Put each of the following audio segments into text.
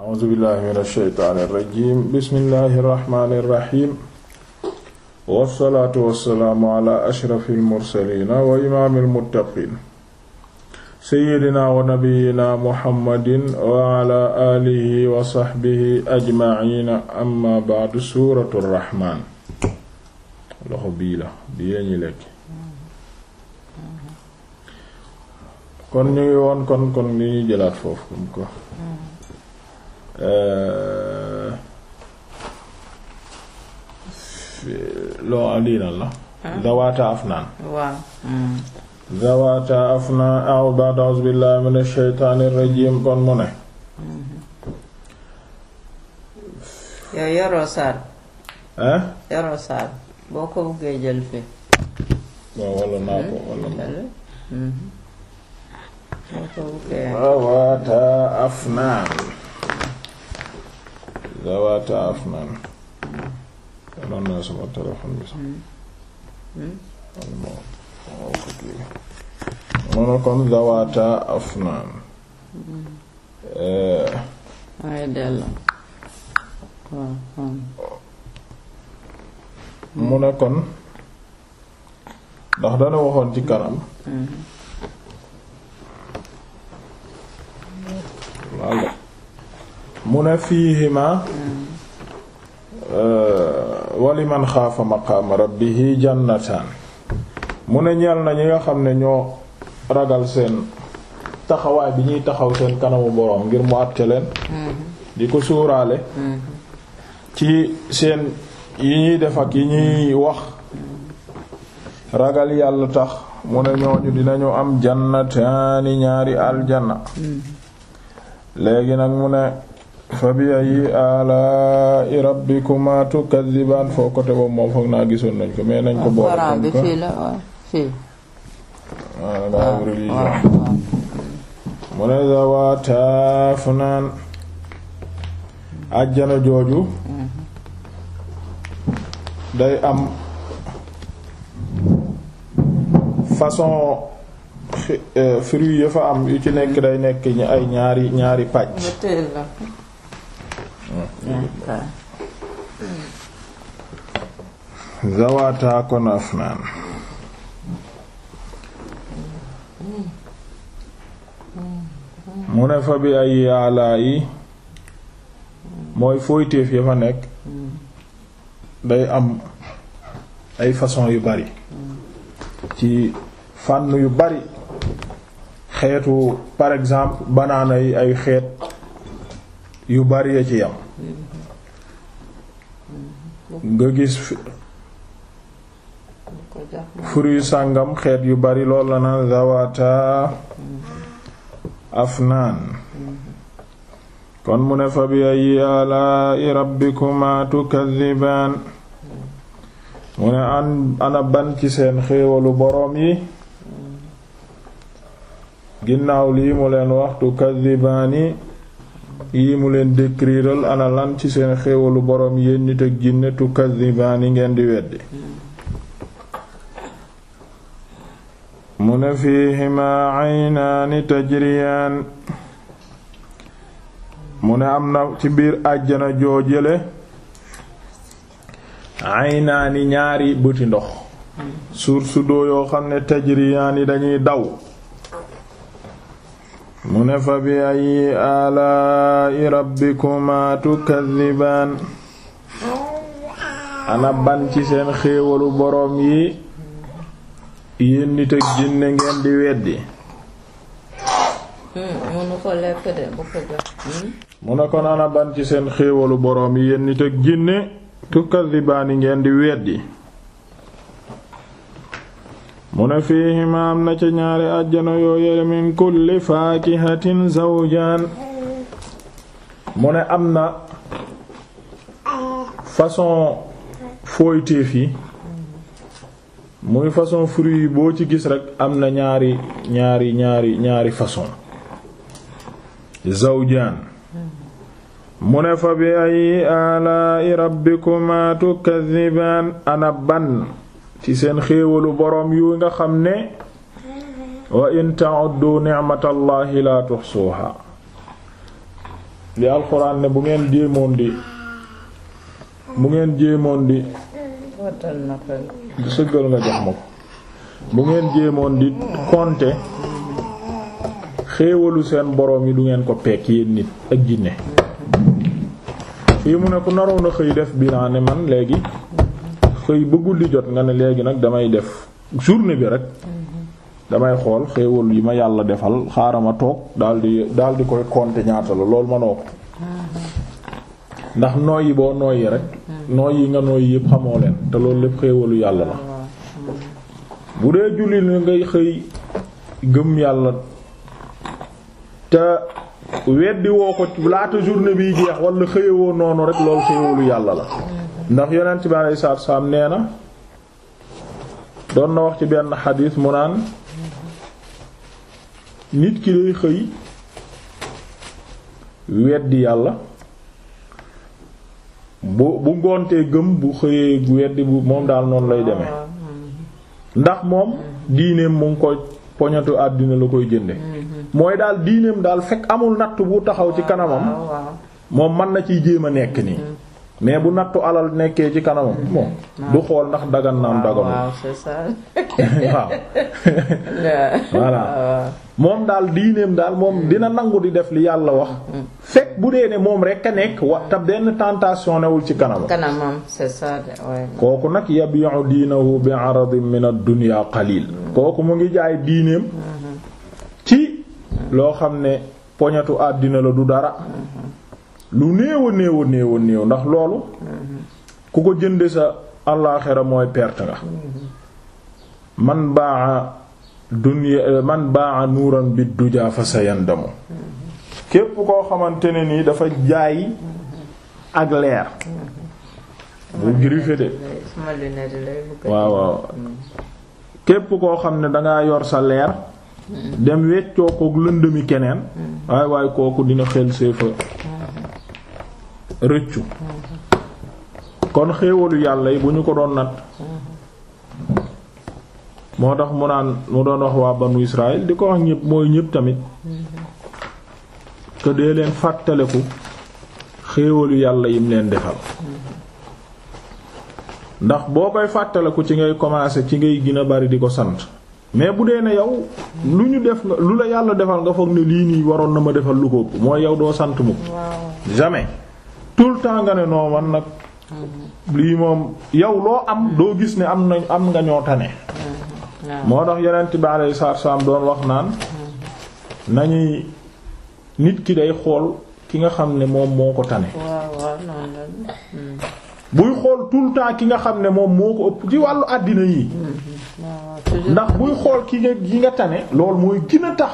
a'uuzu billahi min ash-shaytaani irrajim bismillahi irrahmani irrahim wassalaatu wassalaamu ala ashrafi almursalina wa imaami almuttaqin seyidina wa nabiyina muhammadin wa ala aalihi wa saxbihi ajmaciina amma ba'du suuratu rahmaan loxo bii la bii lañuy lekk kon ñu ngi woon kon kon li ñuy jëlaat foofu comme quoi loo lii lan la zawata afnaan waaw hmm. zawata afnaan aw ba'da a'uuzu billahi minash shaytaanir rajiim kon mu ne hmm. yow yoroo saar hein yoroo saar boo ko buggee jël fi waaw walla naa ko walla hmm. zawata afnaan zawata afnan noonu naa sama téléphone bi sax hmm. Hmm? mu ne kon zawata afnan hmm. waaye dell mu kon ndax dana waxoon ci kanam mu ne fii fiihima euh, waliman xaafa maqaama rabbihi jannataan mu ne ñeel na ñi nga xam ne ñoo ragal seen taxawaay bi ñuy taxaw seen kanamu boroom ngir mu àtte leen mm-hmm. di ko suuraale mm-hmm. ci seen yi ñuy def ak yi ñuy wax ragal yàlla tax mu ne ñooñu dinañu am jannataani ñaari aljanna mm-hmm. léegi nag mu ne fa bi ay ala rabbikuma tukazziban foo côté boobu moom foog naa gisoon nañ ko mais nañ ko boole comme que voilà mu ne zawaata funaan ajjana jooju day am façon eh, fruit ya fa am yu ci nekk day nekk ay ñaari ñaari pàcc zawata kon afnaan mu ne fa bi ay yaalaa yi mooy fooyteef ya fa nekk day am ay façon yu bari ci fànn yu bari xeetu par exemple banaana yi ay xeet yu bari ya ci yam nga gis fruit sàngam xeet yu bari lool la naan zawata afnaan kon mu ne fa bi ay alaa'i rabbikuma tukadhibaan mu ne an ana ban ci seen xéewalu boroom yi ginnaaw lii mu leen wax tukadhibaani yii mu leen décriiral ana ci seen xéewalu boroom yéen nit ak jinne tukazzibaani ngeen di weddi mu ne fiihimaa aynaani tajriyaan mu ne am na ci biir àjjana joo jële aynaani ñaari bëti ndox source d'eau yoo xam ne tajriyaan yi dañuy daw mu ne fa bi ayyi alaa'i rabbikumaa tukazzibaan ana ban ci seen xéewalu boroom yi yéen ak jinne ngeen di weddi hmm, hmm? mu ne kon ana ban ci seen xéewalu boroom yi yéen nit ak jinne tukazzibaan yi ngeen di weddi mu ne fiihima am na ca ñaari àjjana yoo yele min kulli faakihatin zawjaan mu ne am na façon fooytéef yi muy façon fruit yi boo ci gis rekk am na ñaari ñaari ñaari ñaari façon zawjaan mu ne fa bi ay alaa i rabbikumaa tukazzibaan ana ban ci seen xéewalu boroom yu nga xam ne wa in ta'uddu ni'matallahi la tuhsuha li alxuraan ne bu ngeen jéemoon di bu ngeen jéemoon di sëggal nga bu ngeen jéemoon di compter xéewalu seen boroom yi du ngeen ko pekk yéen nit ak jinne fii mu ne ku naroon xëy def bilan ne man léegi xëy ba guddi jot nga ne léegi nag damay def journée bi rek damay xool xéewal yi ma yàlla defal xaaral ma toog daldi daldi koy compter ñaata la loolu manoo ko ndax nooyi boo nooyi rek nooyi nga nooyi yëpp xamoo leen te loolu lépp xéewalu yàlla la bu dee julli ni ngay xëy gëm yàlla te weddi woo ko laata journée biy jeex wala xëyewoo noonu rek loolu xéewalu yàlla la ndax yonent bi alayhi salaatu salaam nee na doon na wax ci benn xadiis mu naan nit ki day xëy weddi yàlla bu bu ngoontee gëm bu xëyee weddi moom daal noonu lay deme ah, hmm. ndax moom hmm. diineem mu ngi koy poñatu àddina la koy jënde hmm, mooy daal diineem daal fekk amul natt bu taxaw ci ah, kanamam moom mën na ciy jéem a nekk nii mais bu nattu alal nekkee ci kanamam bon du xool ndax dagan naam ah, waaw ah, waaw moom daal diineem daal moom dina nangu di def li yàlla wax mm. fekk bu dee ne moom rek a nekk wa benn tentation newul ci kanamam kanamam c'est kooku nag yabi'u diinahu bi 'aradin min ad-dunya qalil mm. kooku mu ngi jaay diineem mm-hmm. ci loo xam ne poñatu àddina la du dara mm-hmm. lu néew a néew a néew ndax loolu ku ko jënde sa àllaaxira mooy perte nga man baa dunya man baa nuuran bi du jaafa sa yandamu képp koo xamante ne nii dafa jaay ak leer bu waaw waaw képp koo xam ne dangaa yor sa leer hmm. dem weccoo kook lëndëmi keneen waaye hmm. waaye kooku dina xel séefa hmm. rëccu kon xéewalu yàlla yi bu ñu ko doon nat moo tax mu naan mu doon wax waa banu Israël di ko wax ñépp mooy ñépp tamit que dee leen fàttaleku xéewalu yàlla yim leen defal ndax boo koy fàttaleku ci ngay commencer ci ngay gën a bari di ko sant mais bu dee ne yow lu ñu def nga lu la yàlla defal nga foog ni lii nii waroon na ma defal lu ko mooy yow doo sant mukk jamais tout le temps nga ne noo man nag lii moom yow loo am doo gis ne am nañ am nga ñoo tane mm-hmm. moo tax yonent bi alayhi salaam doon wax naan mm-hmm. nañuy nit ki day xool ki nga xam ne moom moo ko tane mm-hmm. buy xool tout le temps ki nga xam ne moom moo ko ëpp ci wàllu àddina yi ndax buy xool ki nga ki nga tane loolu mooy gën a tax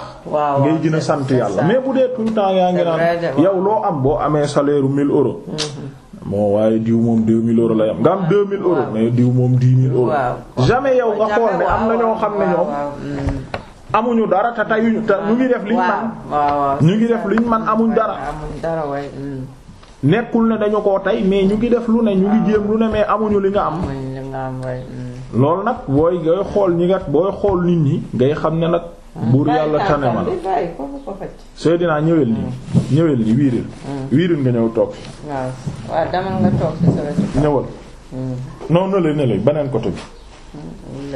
ngay gën a sant yàlla mais bu dee tout temps yaa ngi naan yow loo am boo amee salaire u 1000 euros mm-hmm. bon waaye diw moom 2000 euros lay am nga am 2000 euros mais diw moom 10 000 euros jamais yow nga xool ne am na ñoo xam ne ñoom mm. amuñu dara te tayuñu te ñu ngi def liñ man ñu ngi def liñ man amuñ dara mm. nekkul ne dañu ko tey mais ñu ngi def lu ne ñu ngi jéem lu ne mais amuñu li nga am loolu nag booy ngay xool ñi kat booy xool nit ñi ngay xam ne nag buur yàlla tane ma la sooy dinaa ñëwel nii ñëwel nii wiiril hmm. wiiril nga ñëw toog waaw dama nga ñëwal hmm. non nële nële beneen côté bi hmm,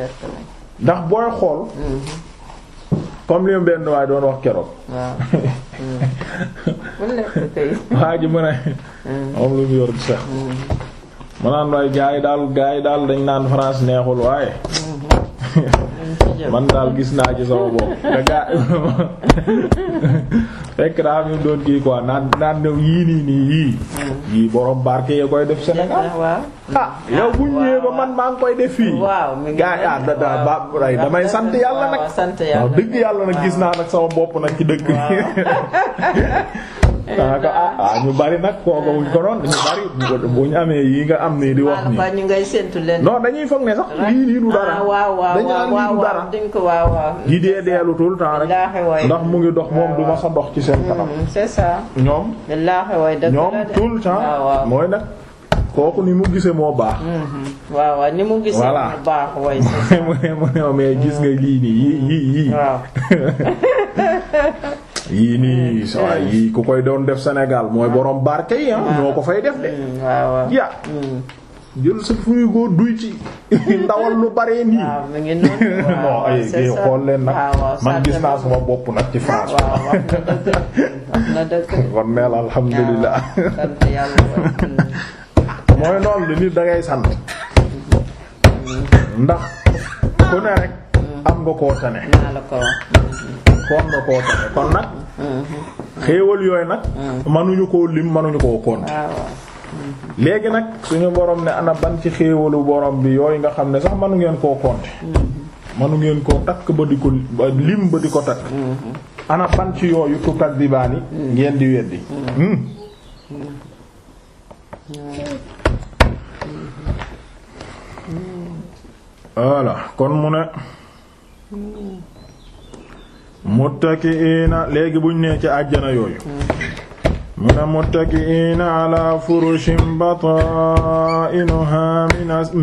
ndax booy xool comme li mu benn waaye doon wax keroog waa ji mën a moom lu mu yor bi sax ma naan waaye gars yi daal gars yi daal dañ naan France neexul waaye mhm. man daal gis naa ci sama bopp da gaa fekk nag naa nag sama bopp nag ci dëkk Ah, ah, ah ñu bari nag kooku wuñ ko doon ñu bari bu ñu amee yi nga am nii di wax nii. non dañuy foog ne sax lii ah, lii du dara. dañu naan lii du dara. di dee deelu tout le temps rek. ndax mu ngi dox moom du ma sa dox ci seen kanam. Mm, c'est ça. ñoom. ñoom tout le temps mooy nag. kooku ni mu gisee moo baax. Mm-hmm. waaw waaw ni mu gisee moo baax. waaye mu ne mu ne mais gis nga lii nii yii yii. yii nii eh, saa eh. yii ku koy doon def Sénégal mooy ah. borom barke yi ah, ah. ñoo ko fay def de mm, ya mm. jël sa fuy góor duy ci ndawal lu bare nii non xool leen nag man gis naa sama bopp nag ci France kon meel mm-hmm. mm. mm-hmm. kon nag Uh-huh. xéewal yooyu nag uh-huh. manuñu koo lim manuñu koo compter ah, uh-huh. léegi nag suñu borom ne ana ban ci xéewalu borom bi yooyu nga xam ne sax manu ngeen koo compter manu ngeen koo takk ba di ko lim ba di ko takk ana ban ci yooyu bi di baani ngeen di weddi hmm? voilà kon mu ne muttakiina léegi buñ nee ci àjjana yooyu mu ne muttakiina ala furushin bataa'inuha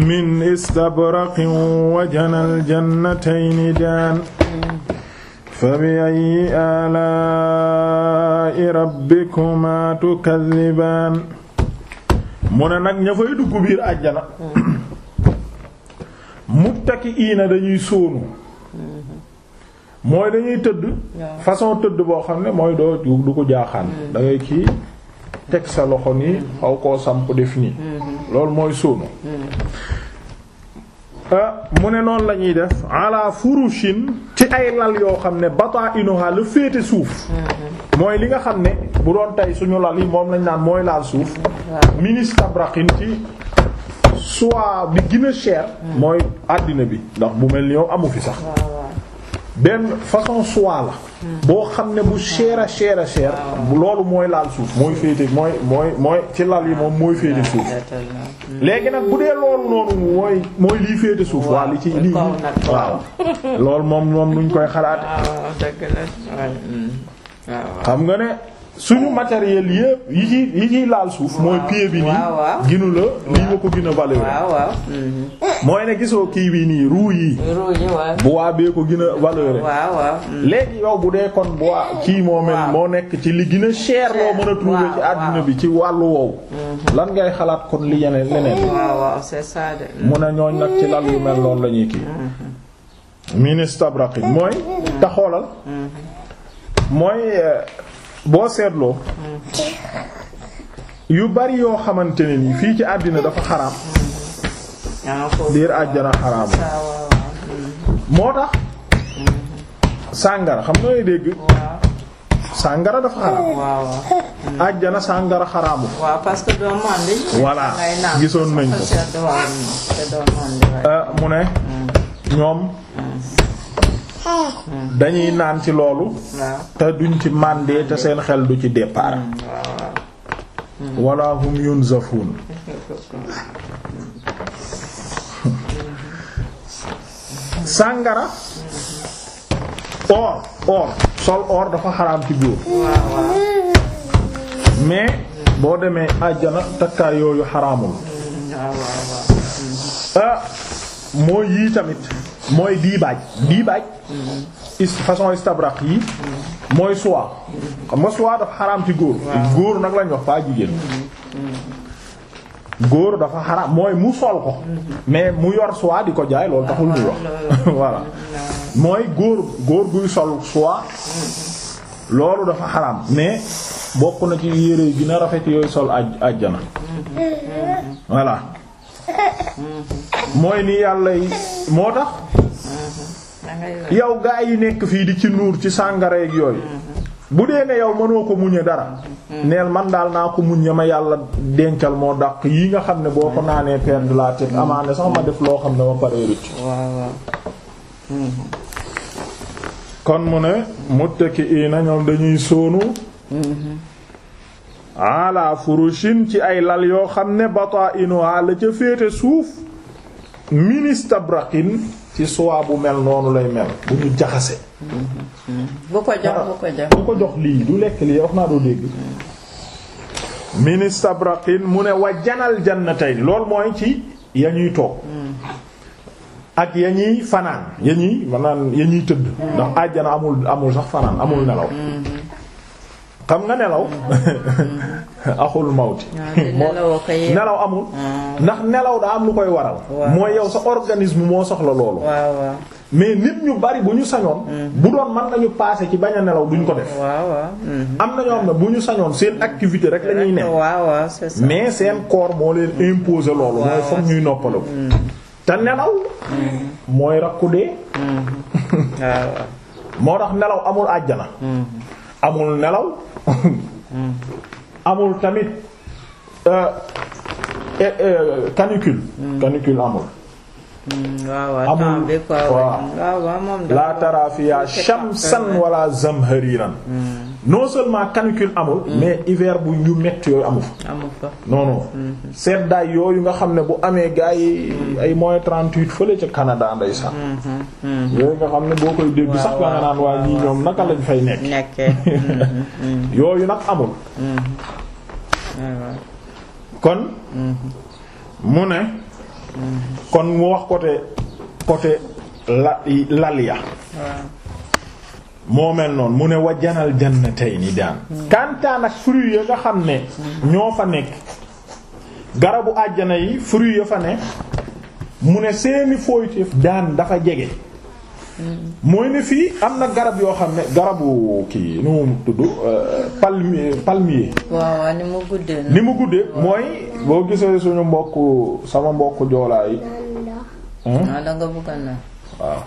min istabraqin wa janal jannatayni daan fabi ayyi alaa'i rabbikumaa tukazzibaan mu ne nag ña fay dugg biir àjjana muttakiina dañuy sóonu mooy dañuy tëdd façon tëdd boo xam ne mooy doo du ko jaaxaan mm. dangay ngay kii teg sa loxo nii mm. xaw koo samp def mm-hmm. loolu mooy sóono mm. euh, mu ne noonu la ñuy def ala furushin ci ay lal yoo xam ne bata inuha la féete suuf mm-hmm. mooy li nga xam ne bu doon tey suñu lal yi moom lañ naan mooy laal suuf mm-hmm. ministabraxin ci soit bi gën cher mooy àddina bi ndax bu mel ni yow amu fi sax benn façon soie la. boo xam ne bu cher a cher a cher. loolu mooy laal suuf mooy féete mooy mooy mooy ci lal yi moom mooy féete suuf. Hmm. léegi nag ku dee loolu noonu mooy mooy lii féete suuf. waaw li ci lii waaw. lool moom moom nuñ koy xalaat. Hmm. waaw xam nga ne. suñu matériel yëpp yi ci yi ciy laal suuf mooy pied bi nii ginu la lii ma ko gën a valeur mm-hmm. mooy ne gisoo kii bi nii ruu yi bois bee ko gën a valeur mm. léegi yow bu dee kon bois kii moo mel moo nekk ci li gën a cher loo mën a trouver ci àddina bi ci wàllu woowu mm-hmm. lan ngay xalaat kon li yeneen leneen mu ne ñooñ nag ci lal yu mel loolu la ñuy kii mm-hmm. ministre Brakin mooy taxoolal mooy euh, boo seetloo yu bari yoo xamante ne fii ci àddina dafa xaraam biir àjjana xaraam moo tax sàngara xam nooy dégg sàngara dafa xaraam àjjana sàngara xaraamu voilà gisoon nañ ko euh, mu ne ñoom mm. dañuy naan ci loolu te duñ ci màndee te seen xel du ci départ mm, wala hum yunzafun sàngara or or sol or dafa xaraam ci góor mais boo demee àjjana takkaay yooyu xaraamul mm, ah, mooy yii tamit mooy diibaaj diibaaj mm-hmm. façon istabraq yi mooy soie xam nga soie dafa xaraam ci góor góor nag lañ wax pas jigéen mm-hmm. góor dafa xaraam mooy mu sol ko mm-hmm. mais mu yor soie di ko jaay loolu taxul muy wax voilà mooy góor góor guy sol soie loolu dafa xaraam mais bokk na ci yére yi dina rafet yooyu sol àjjana voilà mooy ni yàlla yi moo tax yow gaa yi nekk fii di ci nuur ci sàngareeg yooyu bu dee ne yow mënoo ko muñe dara neel man daal naa ko muñ ma yàlla dencal moo dàq yi nga xam ne boo ko naanee perdre la tête amaane sax ma def loo xam ne ma paree rëcc kon mu ne muttaki'ina ñoom dañuy sóonu ala furushin ci ay lal yoo xam ne bataa'inuha la ca féete suuf ministabrakin ci suwaa bu mel noonu lay mel bu ñu jaxase bu ko jox ko jox lii du lekk lii wax naa doo dégg ministabrakin mu ne wa janal jan na jannatayn loolu mooy ci ya ñuy toog ak ya ñuy fanaan ya ñuy maanaam ya ñuy tëdd ndax àjjana amul amul sax fanaan amul nelaw mm. xam nga nelaw axul mawti nelaw amul ah. ndax nelaw daa am lu koy waral mooy yow sa organisme moo soxla loolu mais nit ñu bari bu ñu sañoon mm. bu doon mën nañu passer ci bañ a nelaw duñ ko def mm-hmm. am na ñoo xam ne bu ñu sañoon seen activité rek lañuy ne mais seen corps moo leen imposer loolu mooy foog ñuy noppalu mm-hmm. te nelaw mm-hmm. mooy rakku dee moo tax nelaw amul àjjana amul nelaw amul tamit euh, euh, canicule hmm. canicule amul amul waaw laa tara fiha shamsan wala zamhariran hmm. non seulement canicule amul hmm. mais hiver bu ñu metti yooyu amul non non hmm. seddaay yooyu nga xam ne bu amee gars yi ay moins trente-huit fële ca Canada nday sax yooyu nga xam ne boo koy dégg sax ba nga naan waa ñii ñoom naka lañ fay nekk yooyu nag amul kon mu ne kon mu wax côté côté la lal ya moo mel noonu mu ne wajanal jannatayni daan kantaan ak fruit ya nga xam ne ñoo fa nekk garabu àjjana yi fruit ya fa ne mu ne seeni fooyteef daan dafa jege mooy ne fii am na garab yoo xam ne garabu kii nu tudd euh, palmier palmier. waaw ni mu guddee. ni mu guddee mooy boo gisee suñu mbokk sama mbokk joolaa yi. Hmm? ah da nga a waaw.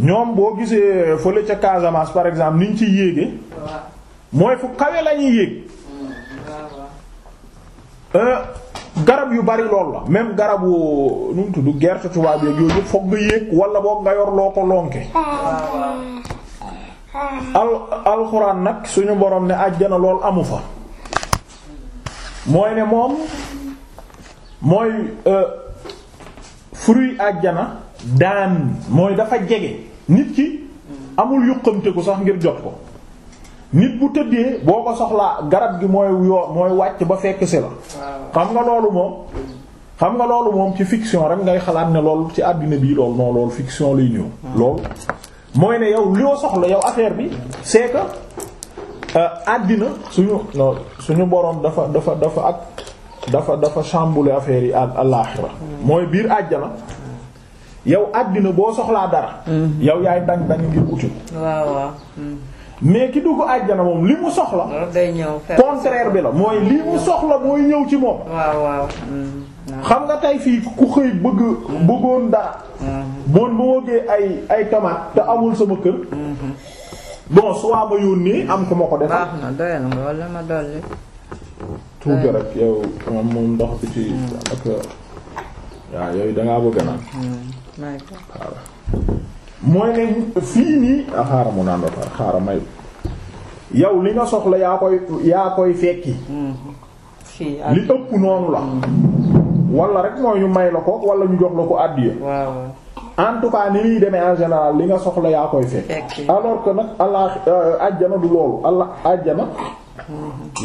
ñoom boo gisee fële ca Casamance par exemple niñ ci yéege mooy fu kawe lañuy yéeg. Hmm, euh, garab yu bari lool la même garabu nu mu tudd gerte tubaab yeeg yooyu foog nga yéeg wala boog nga yor loo ko lonke al alxuraan nag suñu borom ne àjjana lool amu fa mooy ne moom mooy euh, fruit àjjana daan mooy dafa jege nit ki amul yuqamte ko sax ngir jot ko nit bu tëddee boo ko soxlaa garab gi mooy yoo mooy wàcc ba fekk si la xam nga loolu moom xam nga loolu moom ci fiction rek ngay xalaat ne lool ci àddina bii loolu non loolu fiction lay ñëw hmm. loolu mooy ne yow loo soxla yow affaire bi c'est que euh, àddina suñu suñu boroom dafa dafa dafa ak dafa dafa chambouler affaire yi ak alaaxira hmm. mooy biir àjjana yow àddina boo soxlaa dara hmm. yow yaay dañ dañ ngir mais ki dugg àjjana moom li mu soxla. day bi la mooy li soxla mooy ñëw ci moom. waaw waaw. Mm. xam nga tey fii ku xëy bëgg bëggoon dara. Mm. bon bu wóogee ay ay te amul sama kër. Mm-hmm. bon soit ma yónnee am ko ma ko defal. baax na doy na wala ma dolli. tuuti rek yow moom ndox bi ci. Mm. ak waaw yooyu da ngaa bëgg naan. mooy ne fii nii ah xaaral mu naan dafa xaaral may yow li nga soxla yaa koy yaa koy fekki. li ëpp noonu la. wala rek mooy ñu may la ko wala ñu jox la ko àddiya. waaw en tout cas ni muy demee en général li nga soxla yaa koy fekk. alors que nag allah àjjana euh, du loolu allah àjjana.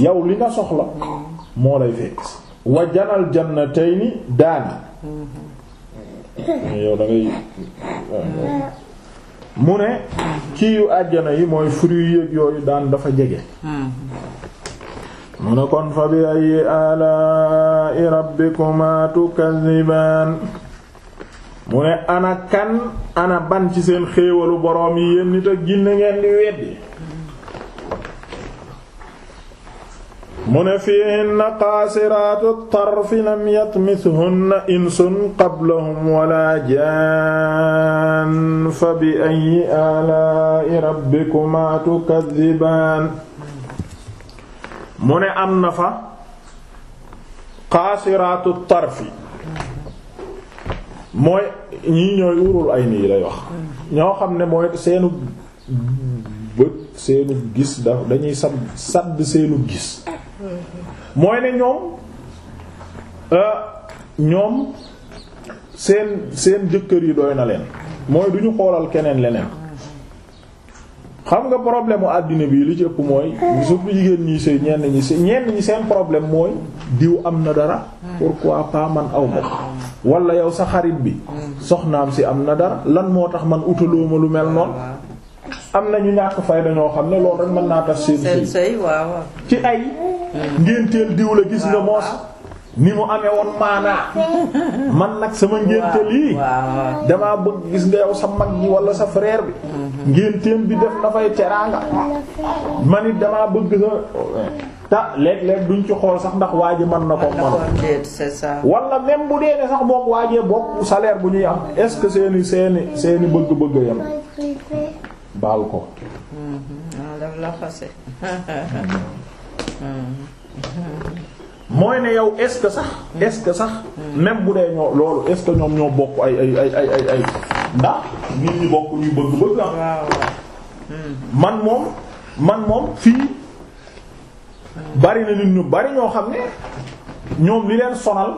yow li nga soxla. moo lay fekk. wa janal jannatayni daani. Mm-hmm. yow da mu ne kii yu àjjana yi mooy fruit yéeg yooyu daan dafa jege mu ne kon fa bi ay alaa'i rabbikuma tukazzibaan mu ne ana ana ban ci seen xéewalu boroom yi yéen nit ak ginne ngeen di weddi mu ne fiihinna qaasiraatu tarfi lam yatmishunna insun qablahum wala jaan fa bi ayyi alaa'i rabbikumaa tukazzibaan mu ne am na fa qaasiraatu tarfi mooy ñii ñooy urul ay nii lay wax ñoo xam ne mooy seenu bët seenu gis dañuy sab sàdd seenu gis mooy ne ñoom euh, ñoom seen seen jëkkër yi doy na leen mooy du ñu xoolal keneen leneen xam nga problème mu àddina bi li ci mooy surtout jigéen ñi seen ñenn ñi seen ñenn problème mooy diw am na dara pour pourquoi pas man aw ma wala yow sa xarit bi soxnaam si am na dara lan moo tax man utaloo ma lu mel noonu am na ñu ñàkk fay dañoo xam ne loolu rek mën naa tax seen sëy ci ay ngénteel diw la gis nga moos ni mu amee woon maanaa man nag sama ngénte yi damaa bëgg gis nga yow sa mag bi wala sa frère bi ngénteem bi def dafay teraanga man it damaa bëgg sa ta léeg-léeg duñ ci xool sax ndax waa man na ko mën wala même bu dee ne sax moom waajee bokk salaire bu ñuy am est-ce que seeni seeni seeni bëgg-bëgg yam baal ko mm-hmm. ah, mooy ne yow est sax est-ce que sax même bu dee ñoo loolu est ñoom ñoo bokk ay ay ay ay ay ndax nit ñi bokk ñuy bëgg-bëgg ah man moom man moom fii bari na nit ñu bari ñoo xam ne ñoom li leen sonal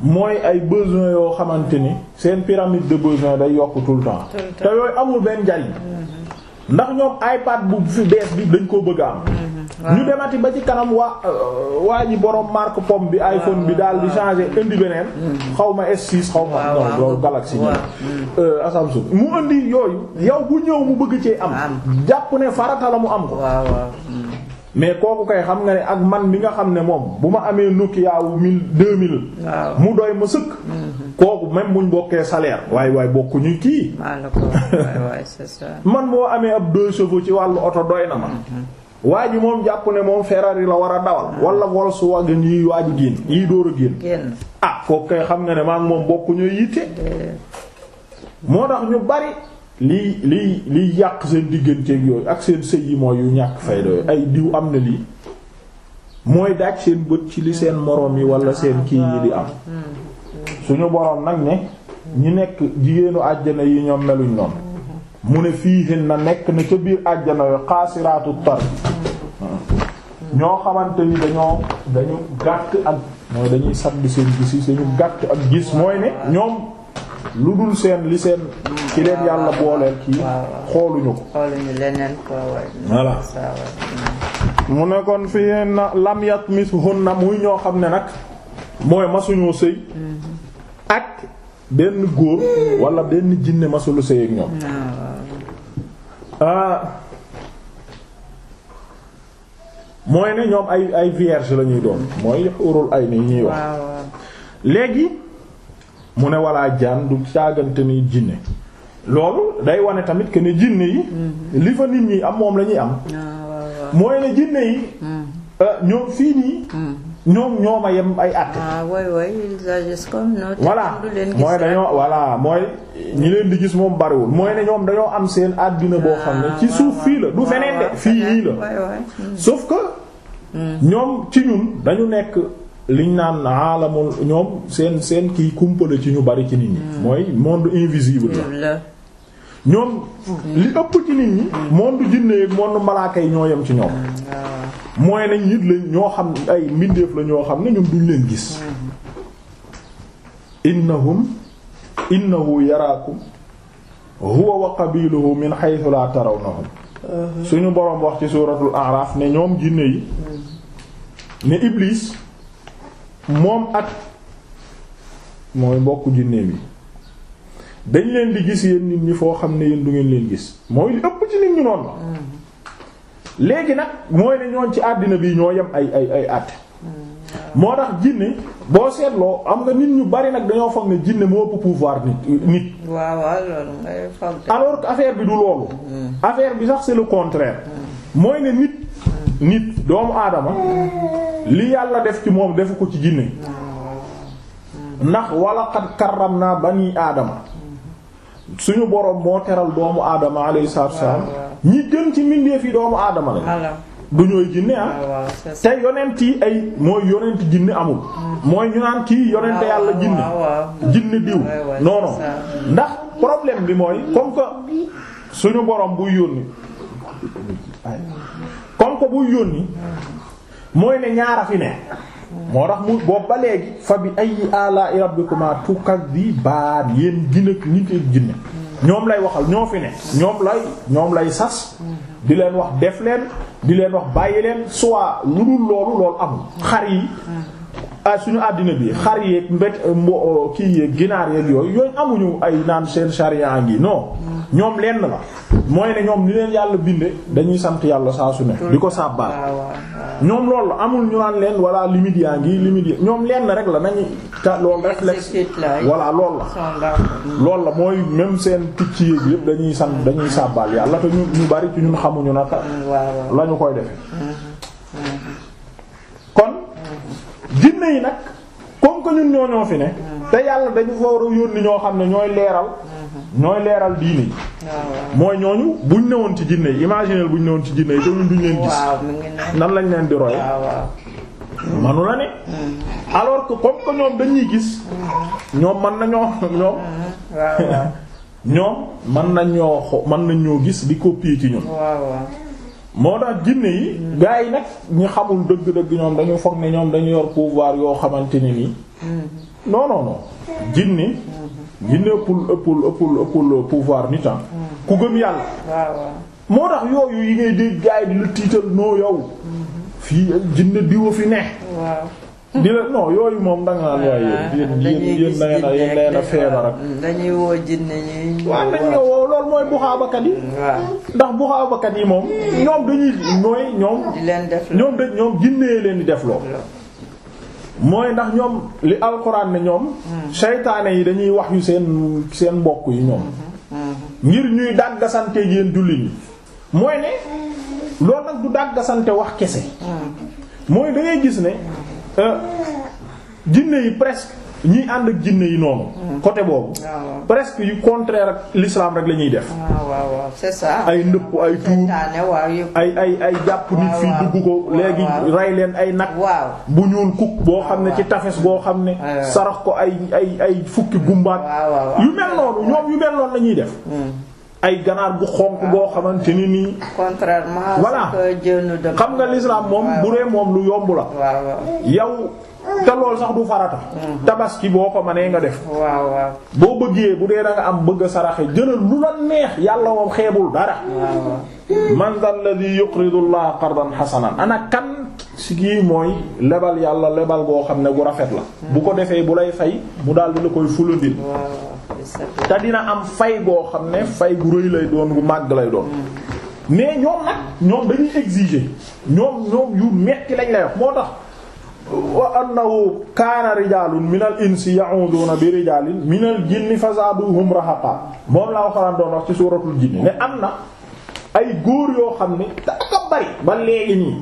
mooy ay besoin yoo xamante ni seen pyramide de besoin day yokk tout le temps te yooyu amul benn njariñ hmm. ndax ñoom iPad bu fi bees bi dañ koo bëgg am hmm. ñu demati ba ci kanam waa euh, waa ji borom marque pomme bi iPhone bi daal di changé indi beneen. xaw ma S6 xaw ma. loolu Galaxy ñëw. Hmm. Euh, mu indi yooyu. yow bu ñëw mu bëgg cee am. jàpp ne farata la mu am ko. Hmm. mais kooku kay xam nga ne ak man mi nga xam ne moom bu ma amee nukki wu mille deux mille mu doy ma sëkk hmm. kooku même muñ bokkee salaire waaye waaye bokkuñu kii man boo amee ab deux chevaux ci wàllu oto doy na ma waa ji moom jàpp ne moom Ferrari la war a dawal wala Volkswagen yi waa ji génn yii dóor a génn ah kooku kay xam nga ne maa moom bokku ñuy yitte moo tax ñu bari lii lii liy yàq seen digganteeg yooyu ak seen sëy yi mooy yu ñàkk fayda yooyu ay diw am na lii mooy daaj seen bët ci li seen moroom yi walla seen kii yi di am mm-hmm. suñu boroom nag ne ñi nekk jigéenu àjjana yi ñoom meluñ noonu mm-hmm. mu ne fii hin na nekk na ca biir àjjana yo xaasiraatu tar ñoo xamante ni dañoo dañu gàtt ak mooy dañuy sàdd seen gis yi ñu gàtt ak gis mooy ne ñoom lu dul seen li seen ci leen yàlla booleel kii xooluñu ko voilà mu ne kon fii na mis hun na muy ñoo xam ne nag mooy masuñoo sëy mm-hmm. ak benn góor wala benn jinne masulu sëy ak ñoom ah, mooy ne ñoom ay ay vierge la ñuy doon mooy xurul ay ni ñuy wax léegi mu ne walaa jaan du saagante ni jinne loolu day wane tamit que ne jinne yi mhm. li fa nit ñi am moom la ñuy am ah, mooy ne jinne yi mm. euh, ñoom fii nii mm. ñoom ñoo ma yem ay àtte. ah oui oui mooy dañoo voilà mooy ñi leen di gis moom bariwul mooy ne ñoom dañoo am seen àddina boo xam ne ah, ci suuf fii la du feneen de ah, fii yii la hmm. sauf que hmm. ñoom ci ñun dañu nekk liñ naan aalamul ñoom seen seen kii kumpale ci ñu bari ci nit ñi. Hmm. mooy monde invisible la. ñoom li ëpp ci nit ñi. monde jinne monde malaaka yi ñoo yem ci ñoom. Ah, mooy nañ nit lañ ñoo xam ay mbindeef la ñoo xam ne ñun duñ leen gis innahum innahu yaraakum huwa wa qabiluhu min haythu la tarawnahum suñu boroom wax ci suuratul A'raf ne ñoom jinne yi ne Iblis moom at mooy bokk jinne bi dañ leen di gis yéen nit ñi foo xam ne yéen du ngeen leen gis mooy li ëpp ci nit ñu noonu léegi nag mooy ne ñooñ ci àddina bi ñoo yem ay ay ay àtte moo tax jinne boo seetloo am nga nit ñu bari nag dañoo foog ne jinne moo ëpp pouvoir nit nit. waaw que affaire bi du loolu. Mm. affaire bi sax c'est le contraire. Mm. mooy ne nit. nit doomu aadama. li yàlla def ci moom defu ko ci jinne mm. ndax walaqad karramna bani aadama. suñu boroom moo teral doomu aadama alayhi salaatu salaam ñi gën ci mbindeef yi doomu aadama la du ñooy jinne ah, ah te yonent yi ay mooy yonent jinne amul mm. mooy ñu naan kii yonent ah, yàlla jinne jinne diw non non ndax problème bi mooy comme que suñu borom buy yónni comme que buy yónni mooy ne ñaara fi ne mm. moo tax mu boobu ba léegi fa bi ay ala rabbikuma tukazziban yéen jinne nit ak jinne ñoom lay waxal ñoo fi ne ñoom lay ñoom lay sas di leen wax def leen di leen wax bàyyi leen soit lu dul loolu loolu amul xar yi Ah, suñu àddina bi xar yeeg mbét eh, mbo eh, kii yeeg ginaar yeeg yooyu yooyu amuñu ay naan seen charia ngi non ñoom lenn la mooy ne ñoom ni leen yàlla binde dañuy sant yàlla saa su ne di ko sàbbaal ah, ñoom loolu amul ñu naan leen walla limite yaa ngi limite ñoom lenn rek la nañu ta loolu réflexe eh. voilà loolu la loolu la mooy même seen picc yéeg yëpp dañuy sant dañuy sàbbaal yàlla te ñu ñu bari ci ñun xamuñu na mm, lañu koy defe mm-hmm. téere nag comme que te yàlla dañu fa ñoo xam ne ñooy leeral leeral diine yi mooy ñooñu buñ ci jinne yi imagineel buñ newoon ci jinne yi te nan lañ leen di roy manu la ne mm. alors que comme ñoom dañuy gis mm. ñoom man na ñoo ñoom mm. ñoom man nañoo xo man nañoo gis di copier ci ñun moo tax jinne yi gars yi nag ñu xamul dëgg-dëgg ñoom dañu foog ne ñoom dañu yor pouvoir yoo xamante ni nii mm-hmm. non non non jinne mm-hmm. jinne ëppul ëppul ëppul ëppul pouvoir nit am ah. mm-hmm. ku gëm yàlla moo tax yooyu yi ngay dégg gars yi di tiital noo yow fii jinne diwa fi ne di la non yooyu moom da nga naan waaye yéen yéen yéen na yéen leen a feebar ak. dañuy woo jinne ñi. waaw nañ mooy buxaabakat yi. Mm, ndax buxaabakat yi moom. ñoom dañuy nooy ñoom. di leen def dañ leen di def lool. mooy ndax ñoom li alxuraan ne ñoom. Mm. seytaane yi dañuy wax yu seen seen mbokk yi ñoom. Mm-hmm. Mm-hmm. ngir ñuy dàggasante yéen julli ñi. mooy ne loolu nag du dàggasante wax kese. Mm. mooy da gis ne. jinne yi presque ñiy ànd ak jinne yi noonu. côté boobu. Ah, presque yu contraire ak l'islam rek la ñuy def. Ah, waaw waaw c'est ça. ay ndëpp ay tuur ay ay ay jàpp nit fii dugg ko. léegi rey leen ay nag. bu ñuul kuk boo xam ne ci tafes boo xam ne. Eh. sarax ko ay ay ay fukki gumbaat. yu mel noonu ñoom yu mel noonu la def. Hmm. ay ganaar gu xonk boo ah. xamante ni nii. contrairement voilà xam nga l'islam moom bu dee moom lu yomb la. yow te loolu sax du farata. Mhm. tabaski boo ko mënee nga def. waaw waaw boo bëggee bu dee da am bëgg a jëlal lu la neex yàlla moom xeebul dara. man dal ladhi yuqridu llaha qardan hasanan ana kan si kii mooy lebal yàlla lebal goo xam ne bu rafet la. Mhm. bu ko defee bu lay fay mu daal di la koy fulandil. te dina am fay goo xam ne fay gu rëy lay doon gu màgg lay doon mais ñoom nag ñoom dañuy exiger ñoom ñoom yu metti lañ lay wax moo tax wa annahu kaana rijaalun minal insi ya'uduuna bi rijaalin minal jinni fazaaduhum rahaqa moom laa waxoon doon wax ci suuratul jinni ne am na ay góor yoo xam ne dafa bari ba léegi nii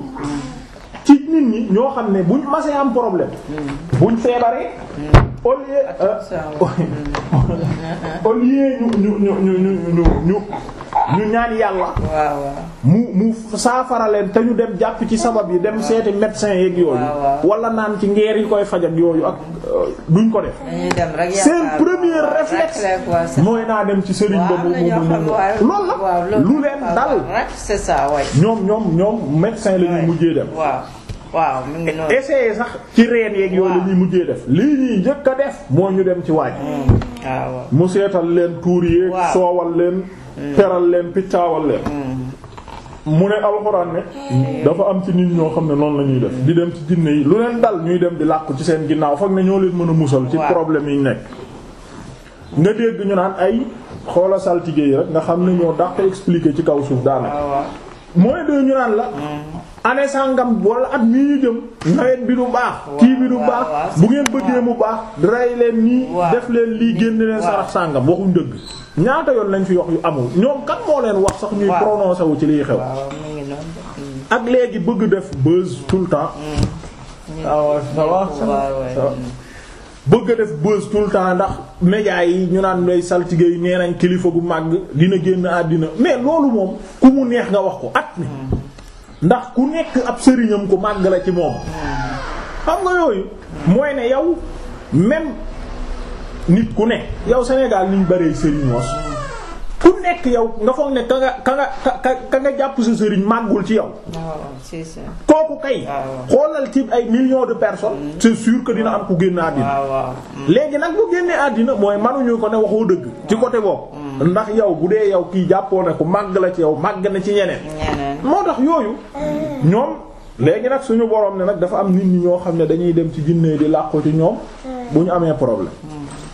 ci nit ñi ñoo xam ne buñ masee am problème buñ feebaree au lieu euh, au lieu ñu ñu ñu ñu ñu ñu ñaan yàlla. mu mu saafara leen te ñu dem jàpp ci sabab yi dem seeti médecin yeeg yooyu. wala naan ci ngeer yi koy faj ak yooyu ak euh, duñ ko def. seen premier réflexe. mooy naa dem ci sëriñ ba mu mu mu loolu la lu leen dal. ñoom ñoom ñoom médecin la ñu mujjee dem. waaw mu sax ci reen yeeg yooyu la ñuy mujjee def lii ñuy njëkk a def moo ñu dem ci waaj mm. waaw mu seetal leen tuur yeeg soowal leen teral mm. leen piccaawal leen mm. mu ne alxuraan ne dafa am ci nit ñoo xam ne noonu la ñuy def di dem ci jinne yi lu leen dal ñuy dem di làqu ci seen ginnaaw foog ne ñoo leen mën a musal ci problème yi ñu nekk nga dégg ñu naan ay xoola saltige yi rek nga xam ne ñoo dàq expliquer ci kaw suuf daanaka mooy de ñu naan la année sàngam wala at mii ñu jëm nawet bi du baax kii bi du baax bu ngeen bëggee mu baax rey leen nii def leen lii génn leen sarax sàngam waxuñ dëgg ñaata yoon lañ fi wax yu amul ñoom kan moo leen wax sax ñuy prononcé wu ci liy xew mm. ak léegi bëgg def buzz tout le temps mm. bëgg a def buzz tout le temps ndax médias yi ñu naan lay saltige yi nee nañ kilifa gu màgg dina génn àddina mais loolu moom ku mu neex nga wax ko at mi mm. ndax ku nekk ab sëriñam ku màgg la ci moom xam nga yooyu mooy ne yow même nit ku ne yow Sénégal niñ bëree sëriñoos nekk yow nga ne ka ka nga ka nga jàpp sëriñ màggul ci yow. Ah, kooku kay. Ah, xoolal ci ay millions de personnes. Mm. c'est sûr que dina am ku génne àddina. Ah, mm. léegi nag bu génnee àddina mooy mënuñu ko ne waxoo dëgg. ci côté boobu. Mm. ndax yow bu dee yow kii jàppoo ne ku màgg la ci yow màgg na ci ñeneen. moo tax yooyu. ñoom léegi nag suñu borom ne nag dafa am nit ñi ñoo xam ne dañuy dem ci jinne di làqu ci ñoom. bu ñu amee problème.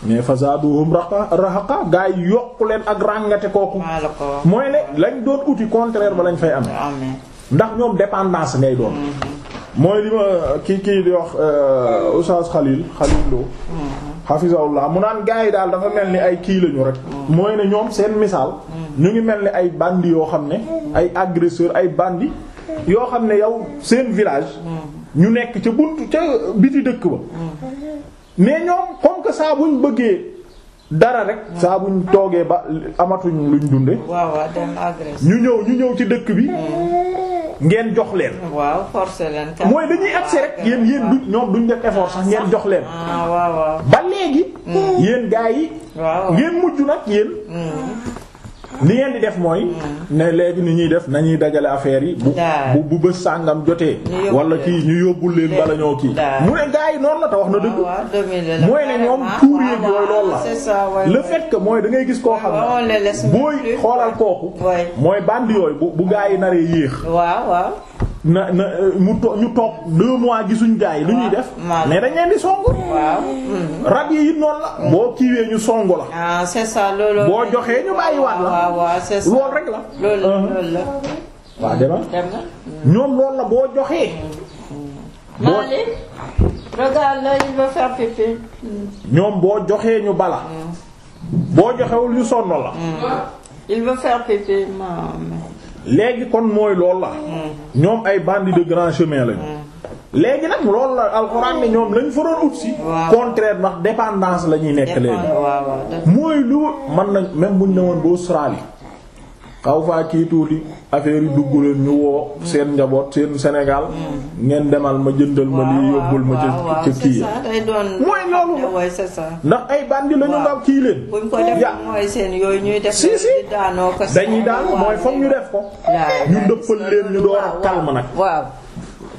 mais fazaduhum raqa rahaqa gaa yi yokku leen ak ràngate kooku mooy ne lañ doon outil contraire ba lañ fay amee ndax ñoom dépendance ngay doon mhm. mooy li kii kii di wax euh, Oustaz Khalil Khalil Lo mhm. hafizahullah mu naan gaa yi daal dafa mel ni ay kii lañu rek mhm. mooy ne ñoom seen misaal ñu ngi mel ni ay bandi yoo xam ne ay agresseur ay bandi yoo xam ne yow seen village ñu nekk ca buntu ca biti dëkk ba mais ñoom comme que saa buñ bëggee dara rek saa buñ toogee ba amatuñ luñ dunde waaw waaw ñu ñëw ñu ñëw ci dëkk bi ngeen jox leen. waaw forcer leen. mooy dañuy accès rek yéen yéen du ñoom duñ def effort ngeen jox leen. Ah, waaw ba léegi. Hmm. yéen gaa yi. waaw ngeen mujj nag yéen. Hmm. ni ngeen di def mooy. ne léegi ni ñuy def nañuy dajale affaire yi. bu bu bës sàngam jotee. wala kii ñu yóbbul leen bala ñoo kii. mu ne gars yi noonu la wax na dëgg. Ah, mooy ne ñoom ah, tuur yeeg yooyu loolu la. le fait que mooy da ngay gis koo xam ne. Oh, booy xoolal kooku. mooy bandi yooyu bu bu gars yi naree yéex. na na mu to ñu toog deux mois gisuñ gaa yi. lu ñuy def mais dañ leen di songu. waaw. Mm-hmm. rab yi it noonu la. boo kiiwee ñu songu la. Ah, boo joxee ñu bàyyiwaat la. waaw ñoom boo joxee. boo regarde boo joxee ñu bala. Mm. joxewul ñu sonn la. Mm. léegi kon mooy loolu la hmm. ñoom ay bandits de grand chemin lañu hmm. léegi nag lool la alxuraan ne ñoom lañ fa doon ut si contraire ndax dépendance la ñuy nekk léegi mooy lu man nañ même buñ ne woon ba xaw faa kii tuuti affaire yi dugg leen ñu woo seen njaboot seen Sénégal hmm. ngeen demal ma jëndal ma lii yóbbul ma ca ca kii ya loolu la waaye c'est ndax ay bandi la ñu kii leen. bu ñu ko def mooy seen yooyu si si daanoo ko dañuy daan mooy foog ñu def ko. ñu dëppal leen ñu door a calme nag. waaw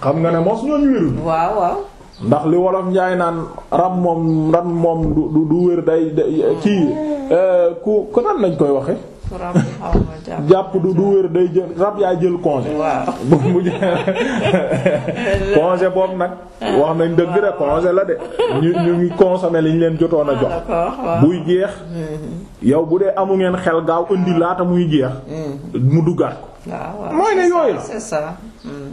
xam nga ne mos ñooñu wérul. waaw waaw. ndax li wolof njaay naan ram moom ram moom du du wér day kii mm. euh, ku ko nan lañ koy waxe jàpp du du wér day jël rab yaa jël congé. waaw bu mujj congé boobu nag. wax nañ dëgg de congé la de ñu ñu ngi consommé li ñu leen jotoon a jox. Ah, buy jeex. Mm-hmm. yow bu dee amu ngeen xel gaaw indi laata muy jeex. Mm-hmm. mu duggaat ko. mooy ne yooyu la.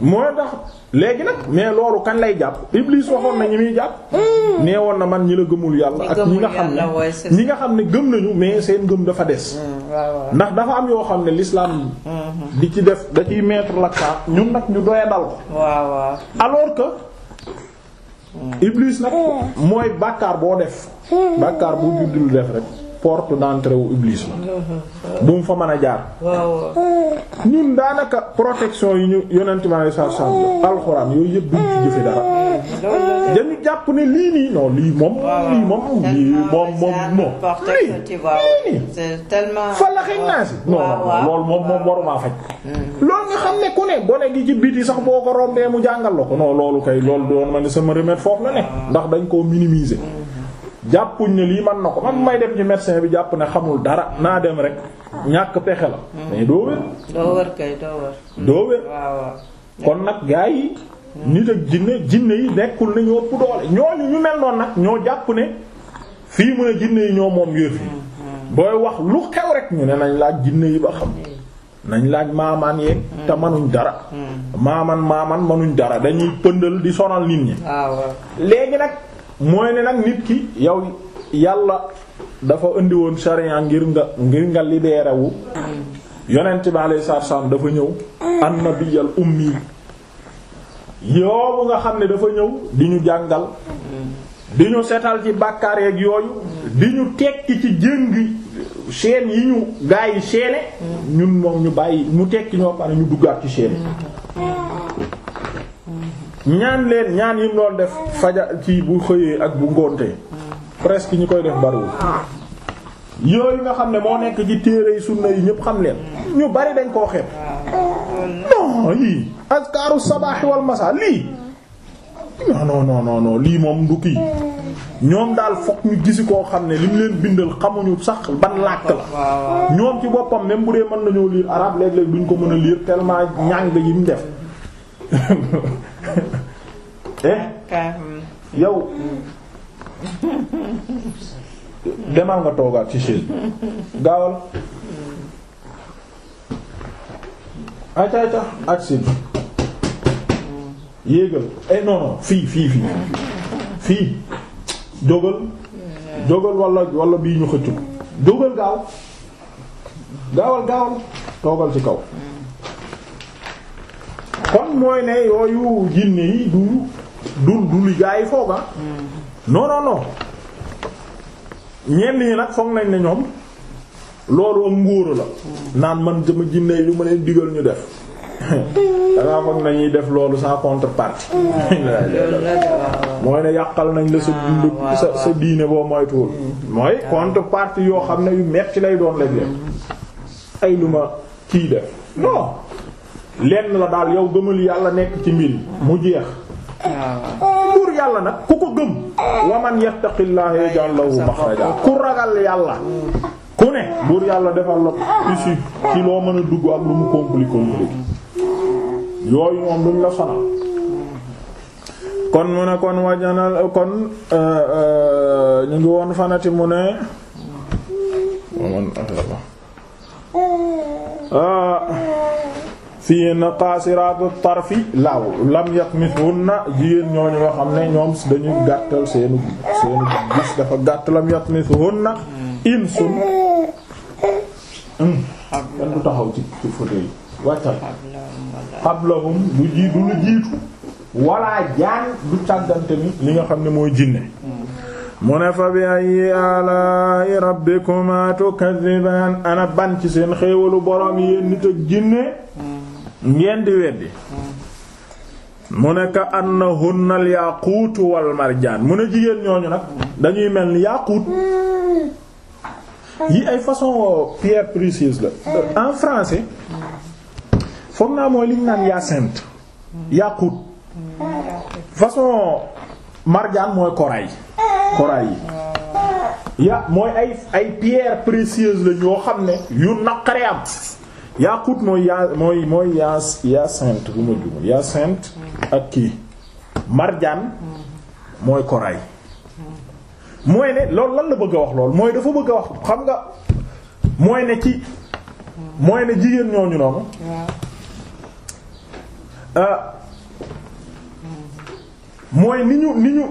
mooy tax léegi nag mais loolu kan lay jàpp Iblis waxoon na ñi muy jàpp. Hmm. nee woon na man ñi la gëmul yàlla. ak ñi nga xam ne ñi nga xam ne gëm nañu mais seen gëm dafa des. Hmm, ndax dafa am yoo xam ne l'islam hmm. di ci def da ciy mettre l'accent ñun nag ñu doya dal ko. waaw que. Iblis nag. mooy bàkkaar boo def. bàkkaar bu judd lu def rek. porte d'entrée wu Iblis uh-huh. bu mu fa man a jaar. waaw eh, daanaka protection yi ñu yonent ma ay sànq alxuraan yooyu yëpp duñ ci jëfe dara. Mm-hmm. dañu jàpp ne lii nii non lii moom. lii moom lii moom moom moom. lii lii nii. fa la xëy naa si. non non loolu moom moom waruma faj. Mm-hmm. loolu nga xam ne ku ne gone gi ci biti sax boo ko rombee mu jàngal la ko. non loolu kay loolu doon ma ne sama remède foofu la ne. Ah. ndax dañ koo minimiser. Mm-hmm. jàppuñ ne lii man na ko man may dem ci médecin bi jàpp ne xamul dara naa dem rek ñàkk pexe la. Hmm. mais doo wér. doo wér hmm. kon nag gaa yi. Hmm. nit ak jinne jinne yi nekkul ne ñoo ëpp doole ñooñu ñu mel noonu nag ñoo jàpp ne fii mu ne jinne yi ñoo moom yëf yi. booy wax lu xew rek ñu ne nañ laaj jinne yi ba xam. nañ laaj maamaan yeeg te manuñ dara. maaman maaman manuñ dara dañuy pëndal di sonal nit ñi. léegi nag. mooy ne nag nit ki yow yàlla dafa indi woon charia ngir nga ngir nga libéré wu yonent bi alayhi salaatu dafa ñëw annabiyal ummi yoobu nga xam ne dafa ñëw di ñu jàngal di ñu setal ci bàkkaar yeeg yooyu di ñu tekki ci jëngi chaîne yi ñu gaa yi chaîne ñun moom ñu bàyyi mu tekki ñoo pare ñu duggaat ci chaîne ñaan leen ñaan yi mu def faja ci bu xëyee ak bu ngoontee presque ñi koy def bariwul yooyu nga xam ne moo nekk ci téere yi sunna yi ñëpp xam leen ñu bari dañ koo xeeb non yii azkaaru wal masa lii non non lii moom du kii ñoom daal fokk ñu gisi koo xam ne li mu leen bindal xamuñu sax ban làkk la ñoom ci boppam ne bu dee mën nañoo lire arabe léeg bu duñ ko mën a lire tellement ñàng yi mu def eh hmm. yow demal nga toogaat ci chaise bi gaawal hmm. ayca ayca ak si hmm. yéegal eh non fii fii fii fii jógal jógal wala wala bii ñu xëccu jógal gaaw gaawal gaawal toogal ci kaw kon mooy ne yooyu jinne yi du du du li gaa yi fooga ah. mm. non non non ñenn nag foog nañ ne ñoom loolu ak ngóor la mm. naan man dama jinne yi lu ma leen digal ñu def dangaa foog nañuy def loolu sans contrepartie mooy ne yàqal nañ la sa ah, dund sa sa diine boo moytuwul mm. mooy ah. contrepartie yoo xam ne yu metti lay doon la léeg ay lu ma kii def non lenn la daal yow gëmal yàlla nekk ci mbir mu jeex ah. oh, buur yàlla nag ku ko gëm waman yattaqillaha yaj'al lahu makhraja ku ragal yàlla ku ne buur yàlla defal la issue ci loo mën a dugg ak lu mu compliqué léegi yooyu moom duñ la kon mu ne kon wajanal kon euh, euh, ñu ngi woon fanati mu ne fii na qaasiraatu tarfi law lam yatmithunna jigéen ñooñu nga xam ne ñoom dañu gàttal seenu gis dafa gàtt lam yatmithunna insun hmm. kenn du taxaw ci ci yi wàccal qablahum du ji du jiitu wala jaan du càggante mi li nga xam ne mooy jinne hmm. mu ne fa bi ay alaa'i rabbikumaa tukazzibaan ana ban ci seen xéewalu borom yéen nit ak jinne hmm. ngeen di weddi mu ne ka annahunna al yaquut wal marjaan mu ne jigéen ñooñu nag dañuy mel ni yaquut yi ay façon pierre précieuse la en français foog naa mooy liñ naan hyacinthe yaquut façon marjaan mooy corail corail yi ya mooy ay ay pierre précieuse la ñoo xam ne yu naqare am yaqut mooy yaa mooy mooy yaa hyacinthe bu ma jumul hyacinthe ak kii marjaan mooy corail mooy ne loolu lan la bëgg a wax lool mooy dafa bëgg a wax xam nga mooy ne ci mooy ne jigéen ñooñu noonu euh, mooy ni ñu ni ñu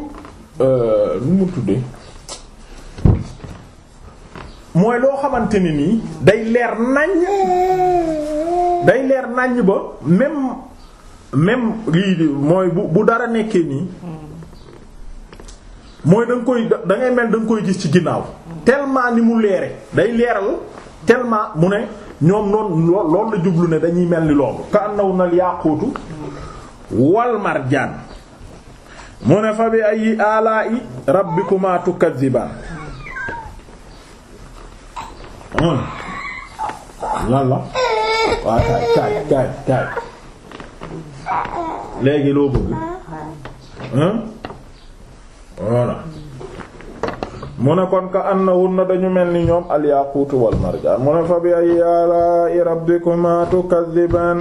euh, nu mu tuddee mooy loo xamante ni nii day leer naññ day leer nàññ ba même même lii mooy bu bu dara nekkee nii mooy da nga koy da mel da nga koy gis ci ginnaaw tellement ni mu leere day leeral tellement mu ne ñoom noonu loolu la jublu ne dañuy mel ni loolu ka annaw nal yaaquutu wal marjaan mu ne fa bi ay i rabbikuma tukazzibaan lan la waaw kaay kaay kaay léegi loo bëgg voilà mu ne kon ka annahunna dañu mel ni ñoom alyaquutu wal marjaan mu ne fa bi ay alaa'i rabbikuma tukazzibaan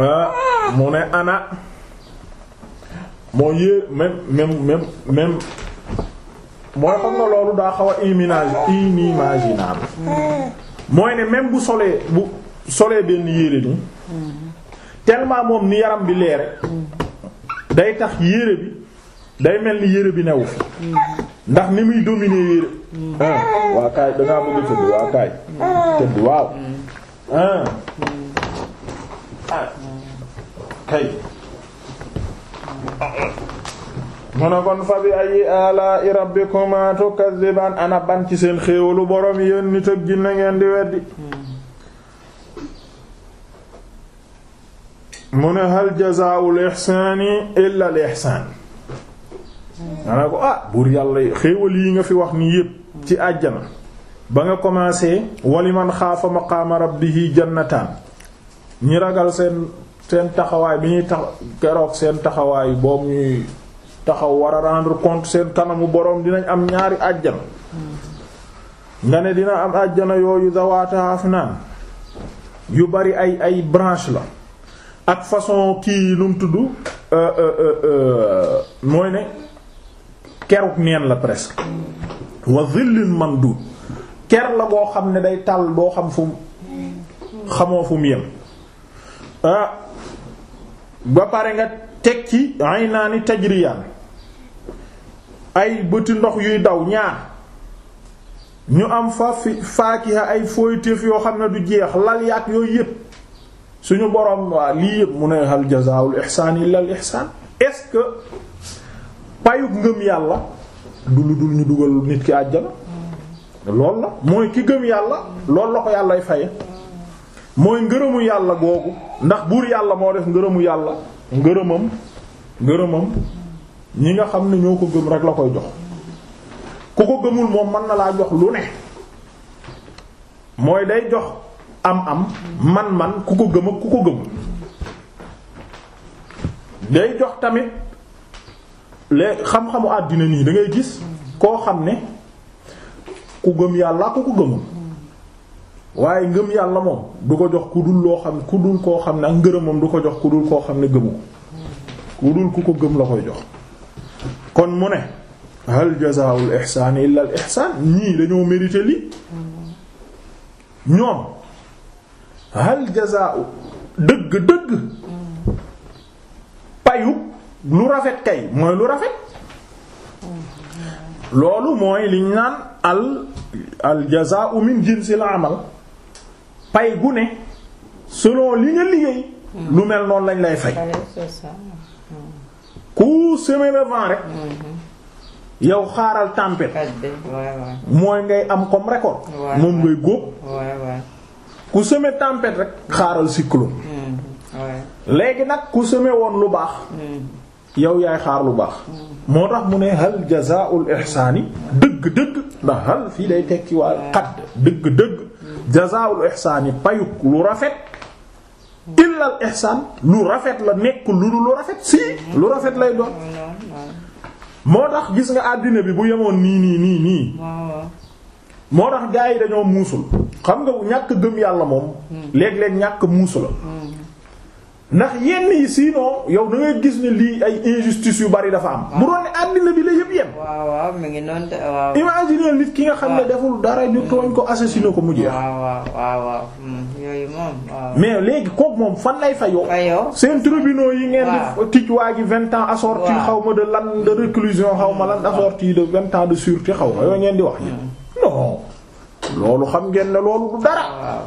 ah, mu ne ana moo yéer même même même même mooy xam nga loolu daa xaw a image inimaginable mooy ne même bu solee bu solee benn yére ni tellement moom ni yaram bi leere day tax yére bi day mel ni yére bi newu ndax ni muy dominer yére waa kaay dangaa bëgg tëdd waa kaay waaw kay mu ne kon fa bi ayi ala i rabbikuma ana ban ci seen xéewalu borom yéen nit ak jinne ngeen di weddi mu ne hal jazaa'ul ihsaani illa al ihsaan ana ko ah buur yàlla xéewal yi nga fi wax ni yépp ci àjjana ba nga commencé waliman xaafa maqaama rabbihi jannataan ñi ragal seen seen taxawaay bi ñuy tax keroog seen taxawaay boobu ñuy taxaw war a rendre compte seen kanamu boroom dinañ am ñaari àjjana nga ne dina am àjjana yooyu zawaata afnaan yu bari ay ay branche la ak façon kii lum mu tudd euh, euh, euh, mooy ne keruk neen la presque wa zillin mandud ker la boo xam ne day tàll boo xam fu xamoo fu mu yem ah, ba pare nga teg ci ay naa ni tajriyaan ay bëti ndox yuy daw ñaar ñu am fa faakiha ay fooytéef yoo xam ne du jeex lal yaak yooyu yépp suñu boroom waa lii yépp mu ne hal jazaa'ul ihsaan illa ihsaan est-ce que payug ngëm yàlla du lu dul ñu dugal nit ki àjjana lool la mooy ki gëm yàlla loolu la ko ay faye mooy ngërëmu yàlla googu ndax buur yàlla moo def ngërëmu yàlla ngërëmam ngërëmam ñi nga xam ne ñoo ko gëm rek la koy jox ku ko gëmul moom mën na laa jox lu ne mooy day jox am-am man-man ku ko gëm ak ku ko gëmul day jox tamit les xam-xamu àddina nii da ngay gis koo xam ne ku gëm yàlla ku ko gëmul waaye ngëm yàlla moom du ko jox ku dul loo xam ku dul koo xam ne ak ngërëmam du ko jox ku dul koo xam ne gëmu ko ku dul ku ko gëm la koy jox kon mu ne hal jazaa'ul ihsaani illa al ihsaan ñii dañoo mérité li ñoom hal jazaa'u dëgg dëgg payu lu rafet kay mooy lu rafet loolu mooy liñ naan al al jazaa'u min jinsil amal pay gu ne selon li nga liggéey lu mel noonu lañ lay fay semaine avant rek. Mhm. yow xaaral tempête. mooy ngay am comme record. moom ngay góob. ku semé tempête rek xaaral cyclone. Mhm. léegi nag ku semé woon lu baax. Mhm. yow yaay xaar lu baax. moo tax mu ne hal jazaa'ul ihsaani dëgg dëgg ndax hal fii day tekki waa xadd dëgg dëgg jazaa'ul ihsaani payuk lu rafet. illal ihsaan lu rafet la nekk lu lu rafet si lu rafet lay doon moo tax gis nga àddina bi bu yemoon nii nii nii nii moo tax gaa yi dañoo muusul xam nga ñàkk gëm yàlla moom hmm. léeg-léeg ñàkk muusu la hmm. ndax yenn yi sinon yow da ngay gis ne lii ay injustice yu bari dafa am. bu doon ne àddina bi la yëpp yem. waaw ngi noonu de waaw. imagine nit ki nga xam ne deful dara ñu tooñ ko assassiné ko mu jeex. waaw waaw hmm, mais léegi kook moom fan lay fayoo. fayoo seen tribunaux yi ngeen di. tij waa ji vingt ans assorti xaw ma de lan de réclusion xaw ma lan assorti de vingt ans de sûreté xaw ma yooyu ngeen di wax. Hmm. non loolu xam ngeen ne loolu du dara.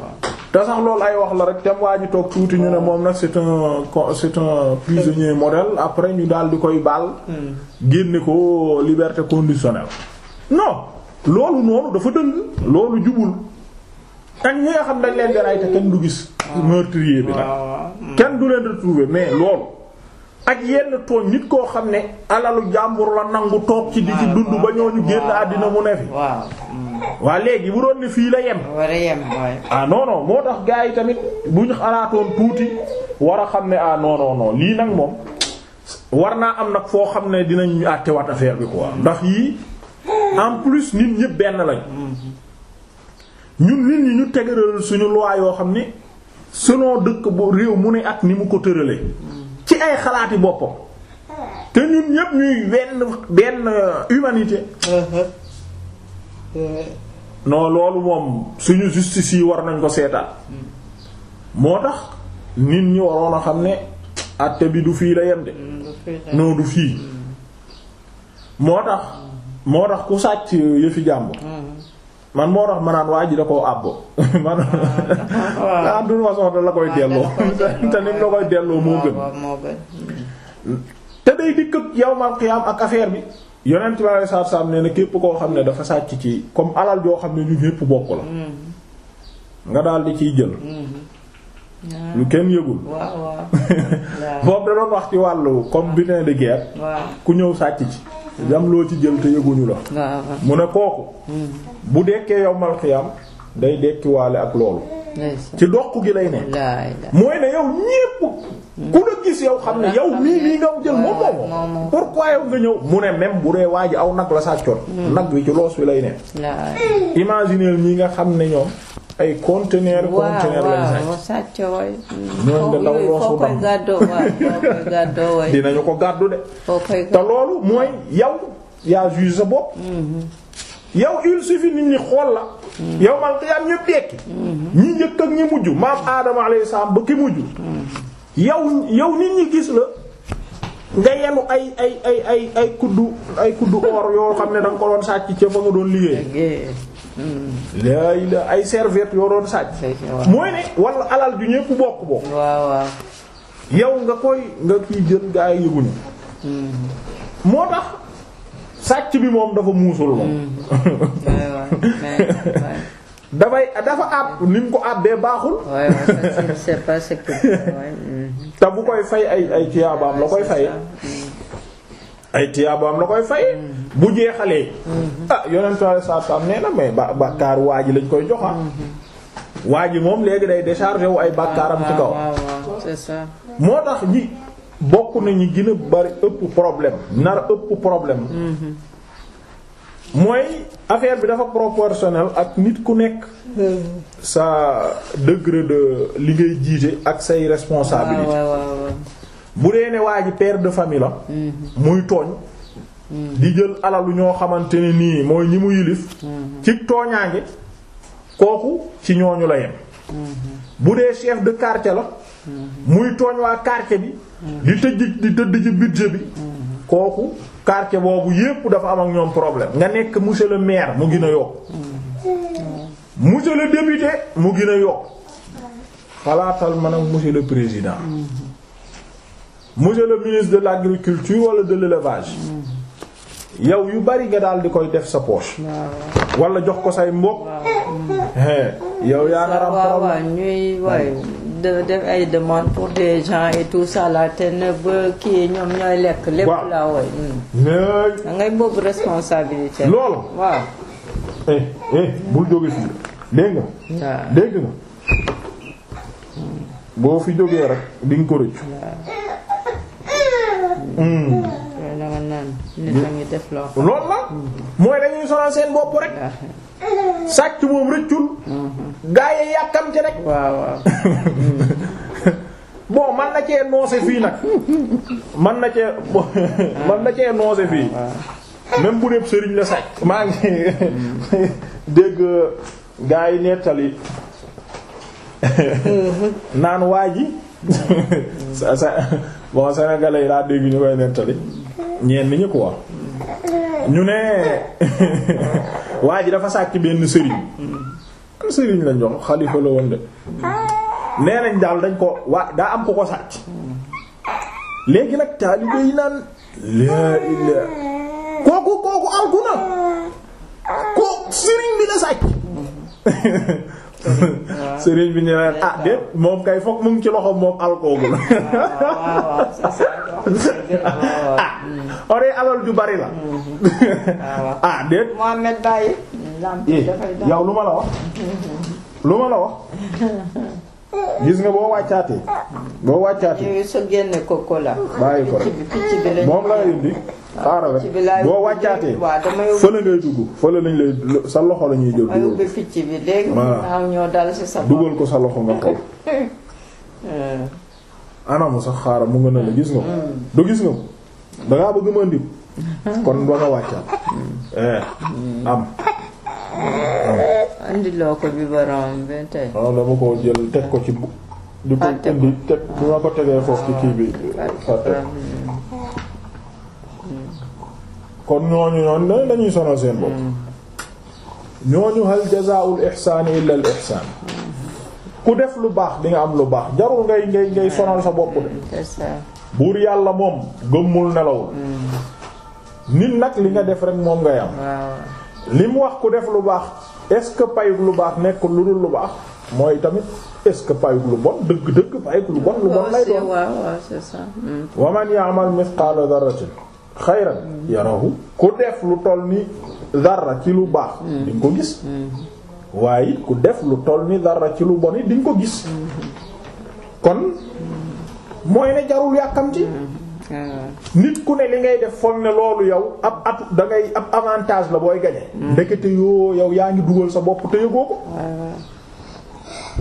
te sax loolu ay wax la rek tam waa ji toog tuuti ñu ne moom na c'est un c'est un prisonnier modèle après ñu daal di koy baal. Hmm. génne ko liberté conditionnelle. non loolu noonu dafa dëng loolu jubul. ak ñi nga xam dañ leen di rey kenn du gis. Ah. meurtrier bi nag ah, hmm. kenn du leen retrouver mais loolu. ak yenn tooñ nit koo xam ne alalu jàmbur la nangu toog ci di ci dund ba ñooñu génn àddina mu ne fi waa léegi bu doon ne fii la yem ah non non moo tax gars yi tamit bu ñu xalaatoon tuuti war a xam ne ah non lii nag moom am nag foo xam ne dinañ àttewaat affaire bi quoi ndax yii en plus nit ñëpp benn lañ ñun nit ñu tegaral suñu loi yoo xam ne selon dëkk bu réew mu ne ak ni mu ko tëralee ay xalaati boppam te ñun ñépp ñuy benn benn humanité non loolu moom suñu justice yi war nañ ko seetaan moo tax nit ñi waroon a xam ne àtte bi du fii la yem de mm, non du fii mm. moo tax moo tax ku sàcc yëfi jàmbur mm. man moo tax ma waa ji da koo àbboo man ah du ah, la koy delloo te ni la koy delloo moo gën. te day dikk yawmal qiyaam ak affaire bi. yonent bi sallallahu alayhi wasallam nee képp koo xam ne dafa sàcc ci comme alal joo xam ne ñu ñépp bokk la. Hmm. nga daal di ciy jël. Hmm. Hmm. lu kenn yëgul. waaw da doon wax ci wàllu comme butin de guerre. ku ñëw sàcc ci. dam loo ci jël te yëguñu la mu ne kooku hmm. bu dekkee yowmal xiyaam day dekkiwaale ak loolu ci doq gi lay ne mooy ne yow ñépp hmm. ku la gis yow xam ne hmm. yow mii mii nga jël moom moomoo pourquoi yow nga ñëw mu ne même bu dee waa ji aw nag la sàccoon nag wi ci loos wi lay ne imagineel ñi nga xam ne ñoom ay conteneur conteneur lañ sàcc ñoom de ndaw loosu doon dinañu ko gàddu de te loolu mooy yow yaa juge sa bopp mm-hmm. yow il suffit nit ñi xool la mm-hmm. yow man xiyaam ñëpp dekki mm-hmm. ñi njëkk ak ñi mujj maam aadama alayhi salaam ki mujj yow yow nit ñi gis la nga yenu ay ay ay ay kuddu ay kuddu or yoo xam ne danga ko doon sàcc ca fa nga doon liggéey laay la ay serviette yoo doon sàcc mooy ne wala alal ju ñëpp bokk bokk waaw yow nga koy nga kiy jël gaa yi yëguñu mm-hmm. moo tax sàcc bi moom dafa muusul moom mm-hmm. dafay dafa àpp ni mu ko àbbee baaxul mm-hmm. te bu koy fay ay ay tuyaabaam la koy fay ay tiyaaba am la koy fay bu jeexalee mm-hmm. ah yonentu Yàlla saa saam nee na mais ba bàkkaar waa ji lañ koy joxa ah. mm-hmm. waa ji moom léegi day décharger wu ay bàkkaaram ci kaw ah, moo tax ñi bokk nañu gën a bari ëpp problème nar ëpp problème mm-hmm. mooy affaire bi dafa proportionnel ak nit ku nekk sa degré de li ngay jiite ak say responsabilité ah, bu dee ne waa ji père de famille la. Mhm. muy tooñ. Mhm. di jël alalu ñoo xamante ne nii mooy ñi mu yilif. Mhm. ci tooñaange kooku ci ñooñu la yem. bu dee chef de quartier la. muy tooñ waa quartier bi. di tëj di tëdd ci budget bi. kooku quartier boobu yépp dafa am ak ñoom problème nga nekk monsieur le maire mu gën a yokk. monsieur le député mu gin a yokk. xalaatal ma nag monsieur le président. monsieur le ministre de l'agriculture wala de l'élevage yow yu bari nga daal di koy def sa poche. wala jox ko say mbokk. yow yaa ngi am problème ñuy waay def ay demandes pour des gens et tout ça là te ne ba kii ñoom ñooy lekk. lépp la waay. mais. Mm. da ngay boobu loolu waaw. eh eh bul jóge fii dégg nga. waaw dégg boo fi jógee rek di ko rëccu. Hmm. ngi def loo seen bopp rek. Ah. sàcc moom rëccul. Hmm. man na cee noose fii nag man na cee man na cee ah, bu dee sëriñ la sàcc. maa ngi dégg gaa yi nettali hmm. naan waa ji. sa sa bon sénégalais yi daa dégg ñu koy nettali ñeen ñi ko wax ñu ne waa ji dafa sàcc benn sëriñ sëriñ lañ jox xalifa la woon de nee nañ daal dañ ko waa daa am ko ko sàcc léegi nag taalibe naan laa ilaa kooku kooku alku na sëriñ bi la sàcc sëriñ bi ñu naan ah déet moom kay foog mu ci loxo moom alkoogul ah ore alal ju bari la ah déet eh, yow lu ma la wax lu ma la wax gis nga boo wàccaatee boo wàccaatee bàyyi ko rek moom laa indi xaaral rek boo wàccaatee fële ngay dugg fële lañ lay sa loxo la ñuy jël voilà dugal ko sa loxo nga xool anamu sa xaaral mu nga ne la gis nga ko mm. du gis nga ko dangaa bëgg ma indi kon ba nga wàccaat mm. eh, am mm. andiloo ko bi waaw ah, dama ko jël teg ko ci bu. di ko indi teg bi ma ko tegee foofu ci kii kon ñooñu noonu la dañuy sonal seen bopp. Hmm. ñooñu hal jazaa'ul ihsaan illa ku def lu baax di nga am lu baax jarul ngay ngay ngay sonal sa bopp de. Hmm, buur yàlla moom gëmmul nelaw hmm. nit nag li nga def rek moom ngay am. li mu wax ku def lu baax est ce que payug lu baax nekk lu dul lu baax mooy tamit est ce que payug lu bon dëgg-dëgg payug lu bon lu bon lay doon hmm. wa man ya'mal mithqala dharratin xayran yarahu ku def lu toll ni dara ci lu baax hmm. di nga ko gis hmm. waaye ku def lu toll ni dara ci lu bon di nga ko gis kon mooy ne jarul yàkkamti nit ku ne li ngay def foog ne loolu yow ab atu da ngay ab avantage la booy gañe hmm. ndekete yoo yow yaa ngi dugal sa bopp te yëgoo ko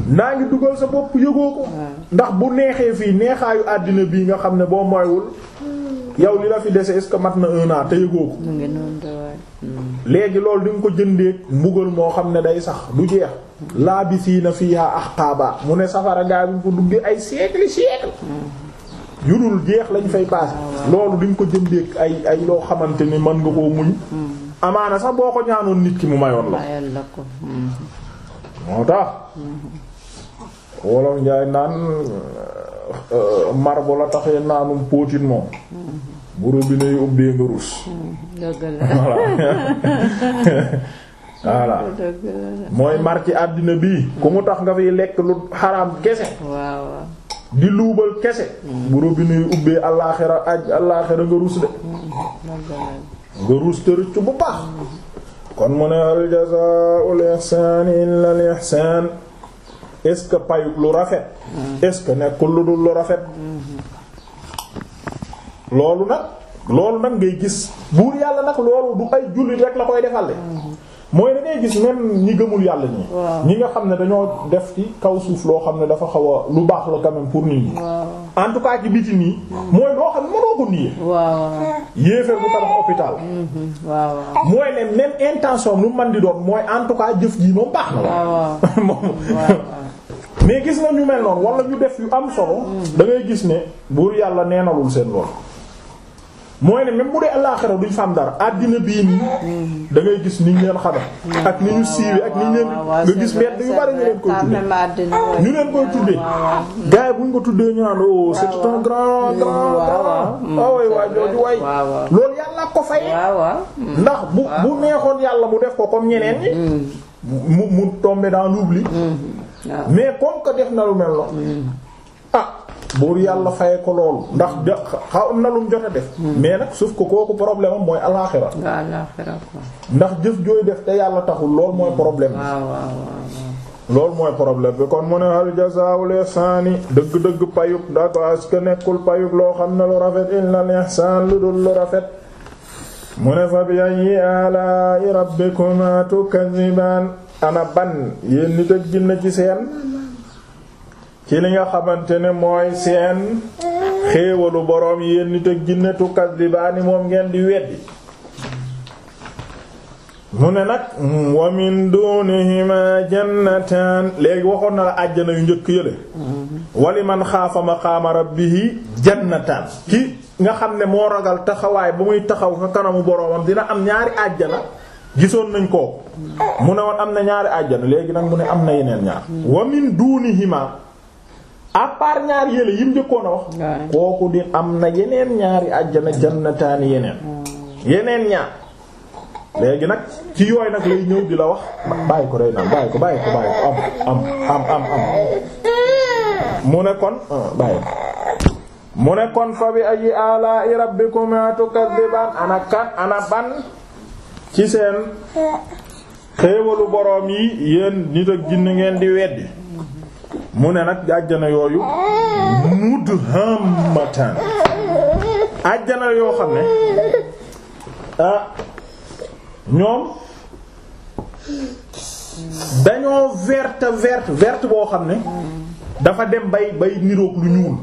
naa ngi dugal sa bopp yëgoo ko ndax bu neexee fii neexaayu àddina bii nga xam ne boo moywul yow li la fi dese est-ce que mat na un an te yëgoo ko hmm. léegi loolu di nga ko jëndee mbugal moo xam ne day sax du jeex hmm. laa bi sii na fiiha ahqaba mu ne safara gaay bu ko duggee ay siècle siècle yu dul jeex lañ fay paase ah, loolu duñ ko jëndee ay ay loo xamante ni man nga koo muñ hmm. amaana sax boo ko ñaanoon nit ki mu mayoon la ko hmm. moo tax hmm. wolof njaay naan euh, euh, mar bu mooy mar ci àddina bii ku mu tax nga fiy lekk lu xaraam kese di luubal kese bu robinet yu ubbee allaaxira aj allaaxira nga ruus de nga ruus te bu baax kon mu ne hal jazaa'ul ihsaan illal ihsaan est-ce que payuk lu rafet est-ce que nekkul lu dul lu rafet loolu nag loolu nag ngay gis buur yàlla nag loolu du ay jullit rek la koy defal de mooy da ngay gis même ñi gëmul yàlla ñi ñi nga xam ne dañoo def ci kaw suuf loo xam ne dafa xaw a lu baax la quand pour nit ñi en tout cas ci biti nii mm-hmm. mooy loo xam ne mënoo mm-hmm. intention lu man di doom mooy en tout cas jëf ji moom baax na la moom mais gis na ñu mel noonu wala ñu def yu am solo mm-hmm. da ngay gis ne buur yàlla nee neenalul seen lool mooy ne même mu dee àllaaxira duñ fa dara àddina bii nii mm-hmm. da gis niñ leen xame mm-hmm. ak ni ñu siiwee ak niñ leen nga gis mbedd yu bari ñu leen koy tuddee ñu leen koy tuddee gars yi buñ ko tuddee ñu naan oh, grand grand grand mm-hmm. ah, way waay jooju waay loolu yàlla ko fay ndax bu bu neexoon yàlla mu def ko comme ñeneen ñi mu mu tomber dans l'oubli mais comme que def na lu mel noonu ah, buur yàlla faye ko loolu ndax xaw na a def hmm. mais nag sauf que kooku problème am mooy alaaxira ndax jëf jooy def te yàlla taxul loolu mooy hmm. problème loolu mooy problème bi kon mu ne hal jazaa'ul ihsaani dëgg-dëgg payug ndax est nekkul payug loo xam ne lu rafet illal na lu dul lu rafet mu ne fa bi ayyi alaa'i rabbikumaa tukazzibaan ana ban yéen nit ak ci seen ci li nga xamante ne mooy seen xéewalu boroom yéen nit ak jinne tukadibaani moom ngeen di weddi mu ne nag wa min dunihima jannatan léegi waxoon na la àjjana yu njëkk yële wali man xaafa maqaama rabbihi jannatan ki nga xam ne moo ragal taxawaay ba muy taxaw fa kanamu boroomam dina am ñaari àjjana gisoon nañ ko mu ne woon am na ñaari àjjana léegi nag mu ne am na yeneen ñaar wa min dunihima à part ñaar yële yim njëkkoon a wax kooku di am na yeneen ñaari àjjana hmm. jannataani yeneen yeneen ñaar léegi nag ci yooyu nag lay ñëw di la wax bàyyi ko day naan bàyyi ko bàyyi ko bàyyi ko am am am am mu ne kon ah, bàyyi mu ne kon fa bi ayi ala i rabbikuma tukadiban ana kan ana ban ci seen xéewalu boroom yi yéen nit ak jinn ngeen di weddi mu ne nag àjjana yooyu mudhammatan àjjana yoo xam ne ah ñoom dañoo verte verte vert boo xam ne dafa dem bay bay niroog lu ñuul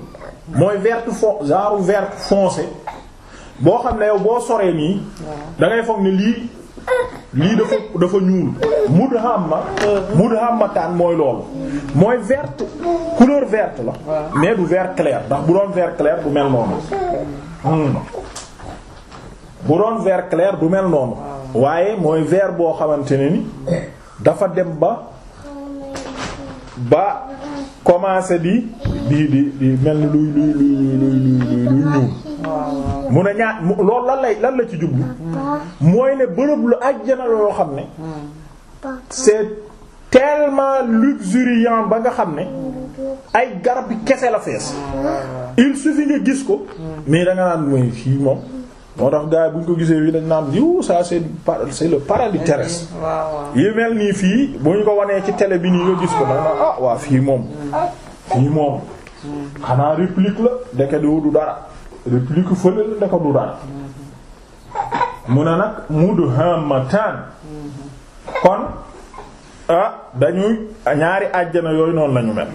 mooy verte fon genre verte foncé boo xam ne yow boo soree nii da ngay foog lii lii dafa dafa ñuul mudhamma mudhammataan mooy loolu mooy vert couleur verte la mais du vert clair ndax bu doon vert clair du mel noonu hmm. bu doon vert clair du mel noonu waaye mooy vert boo xamante ne ni dafa dem ba ba commencé di di di di mel ni luy luy luy luy luy ñuul mu ne ñaar loolu lan lay lan la ci jublu mooy ne bërëb lu àjjana la yoo xam ne c'est tellement luxuriant ba nga xam ne ay garab bi kese la fees il suffit nga gis ko mais da nga naan mooy fii moom moo tax gaa yi bu ñu ko gisee fii dañ naan diw ça c'est c'est paral paradis terrestre eh, yi mel nii fii bu ñu ko wanee ci télé bi nii nga gis ko da ah waa fii moom fii moom xanaa réplique la ndeke du dara réplique fële la ndeke du dara mu ne nag mudhammatan kon ah dañuy ñaari àjjana yooyu noonu lañu mel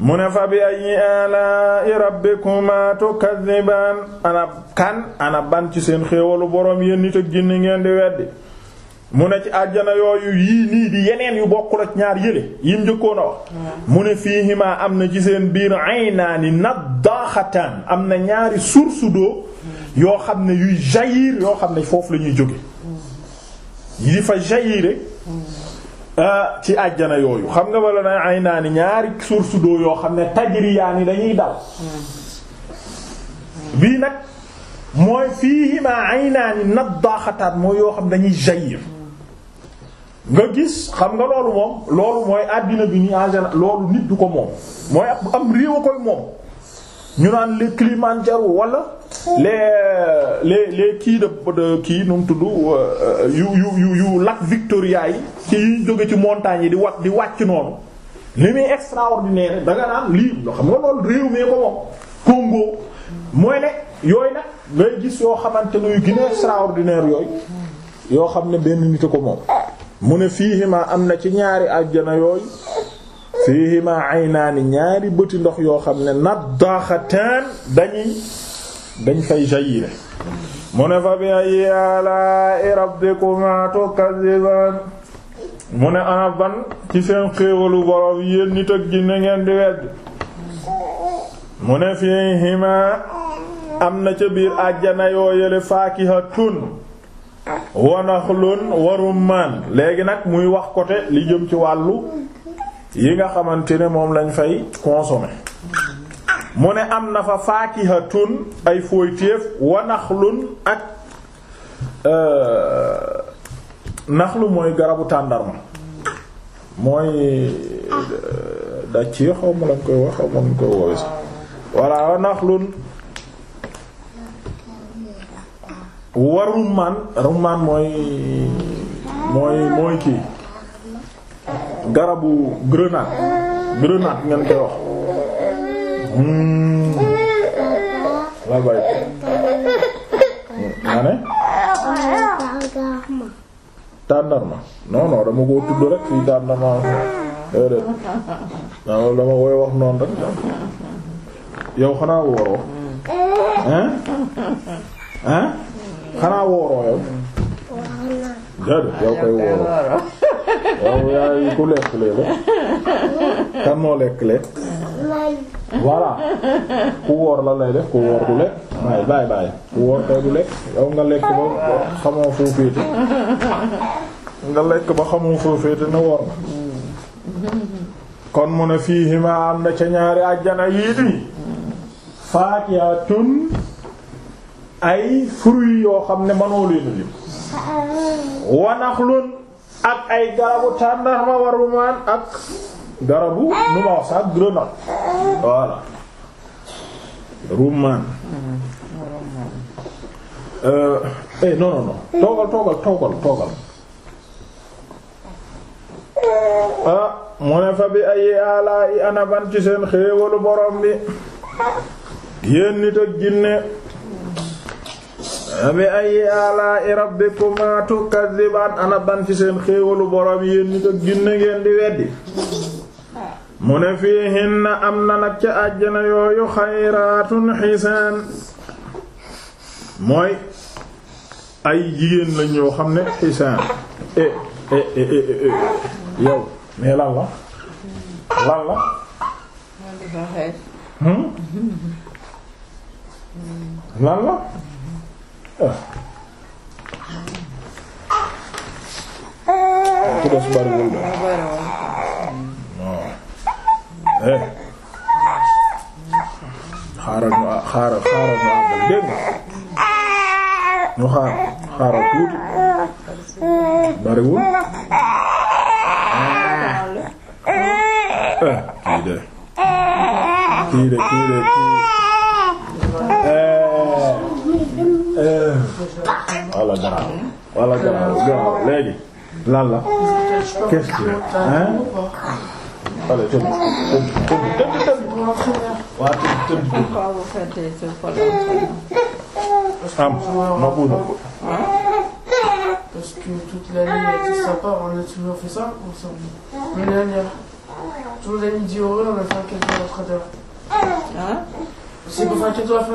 mu ne fa bi ayyi alaa'i rabbikumaa tukazzibaan ana kan ana ban ci seen xéewalu boroom yéen nit ak jinni ngeen di weddi mu ne ci àjjana yooyu yii nii di yeneen yu bokkul ak ñaar yële yim njëkkoon a wax hmm. mu ne fii fiihimaa am na ci seen biir aynaani naddaaxataan am na ñaari source hmm. yoo xam ne yuy jaillir yoo xam ne foofu lañuy ñuy jóge hmm. yi fa jaillir Ah, ci àjjana yooyu xam nga walla na ay naa ni ñaari source yoo xam ne tajriyaan yi dañuy daw hmm. bii nag mooy fiihimaa ay naa ni naddaaxataan mooy yoo xam dañuy jaillir hmm. nga gis xam nga loolu moom loolu mooy àddina bi ni en général loolu nit du ko moom mooy am réew a koy moom ñu naan les Kilimanjaro wala les les les kii da kii nu mu tudd euh, yu yu yu yu Victoria yi ci yuñ jóge ci montagnes yi di wat di wàcc noonu li muy extraordinaire da naan lii loo xam nga loolu réew mi ko moom Congo mooy ne yooyu nag ngay gis yoo xamante ne yu gën a extraordinaire yooyu yoo xam ne benn nit ko moom mu ne fii ma am na ci ñaari àjjana yooyu fiihima aynaani ñaari bëti ndox yoo xam ne naddaaxataan dañuy dañ fay jayire mu ne fa bi ayyi alaa'i rabbikumaa tukazzibaan mu ne ana ban ci seen xéewalu borom yéen nit ak jinne ngeen di wedd mu ne fiihima am na ca biir àjjana yoo yële faakihatun wa naxlun wa rummaan léegi nag muy wax côté li jëm ci wàllu yi nga xamante ne moom lañ fay consommer mu ne am na fa faakihatun ay fooyteef wa naxlun ak euh, naxlu mooy garabu tàndarma mooy euh, da ci xaw ma lañ koy wax ma lañ koy woowe sax voilà wa wa rummaan rummaan mooy mooy mooy kii garabu grenade grenade ngeen koy wax la bay maa tàndarma non non dama koo tudd rek fii tàndarma déedéet waaw dama koy wax noonu rek yow xanaa wooroo hein hein xanaa wooroo yow déedéet yow koy wóoroo yow yaay ku lekk lee la kan moo lekk lee voilà ku wóor la lay def ku wóor du lekk waaye bàyyi bàyyi ku wóor kay du lekk yow nga lekk ba xamoo foo féete nga lekk ba xamoo foo féete ne wóor na kon mu ne fii ma am na ca ñaari àjjana yii di faatihatun ay fruits yoo xam ne manoo leen lim wa naxlun ak ay garabu tàndarma wa rumaan ak garabu nu ma wax sax grenade voilà rumaan euh, eh non toogal toogal toogal toogal ah mu ne fa bi ay ala yi anaban ci seen xéewalu borom bi yéen nit ak bi ay alaa rabbikumaa tukazzibaan ana ban ci seen xéewalu borom yéen ñi ko ginne ngeen di weddi mu ne fiihinna am na nag ca àjjana yooyu xayraatun xisaan mooy ay jigéen lañ yoo xam ne xisaan eh, eh, eh, yow mais lan la lan la hmm? lan la ku des bariwul de waaw xaaral ñu xaaral xaaral ñu àggal dégg ñu xaar xaaral tuuti bariwul kii de kii de kii de kii walla garaaw eh. walla garaaw garaaw léegi lan la question hein allez tëdd tëdd tëdd tëdd waa tëdd tëdd am ma buuna ko parce que toute l'année tout ça part on a toujours fait ça ensemble l'année dernière toujours la nuit du heureux on a fait un cadeau à la fraîcheur hein c'est pour faire un cadeau à la fin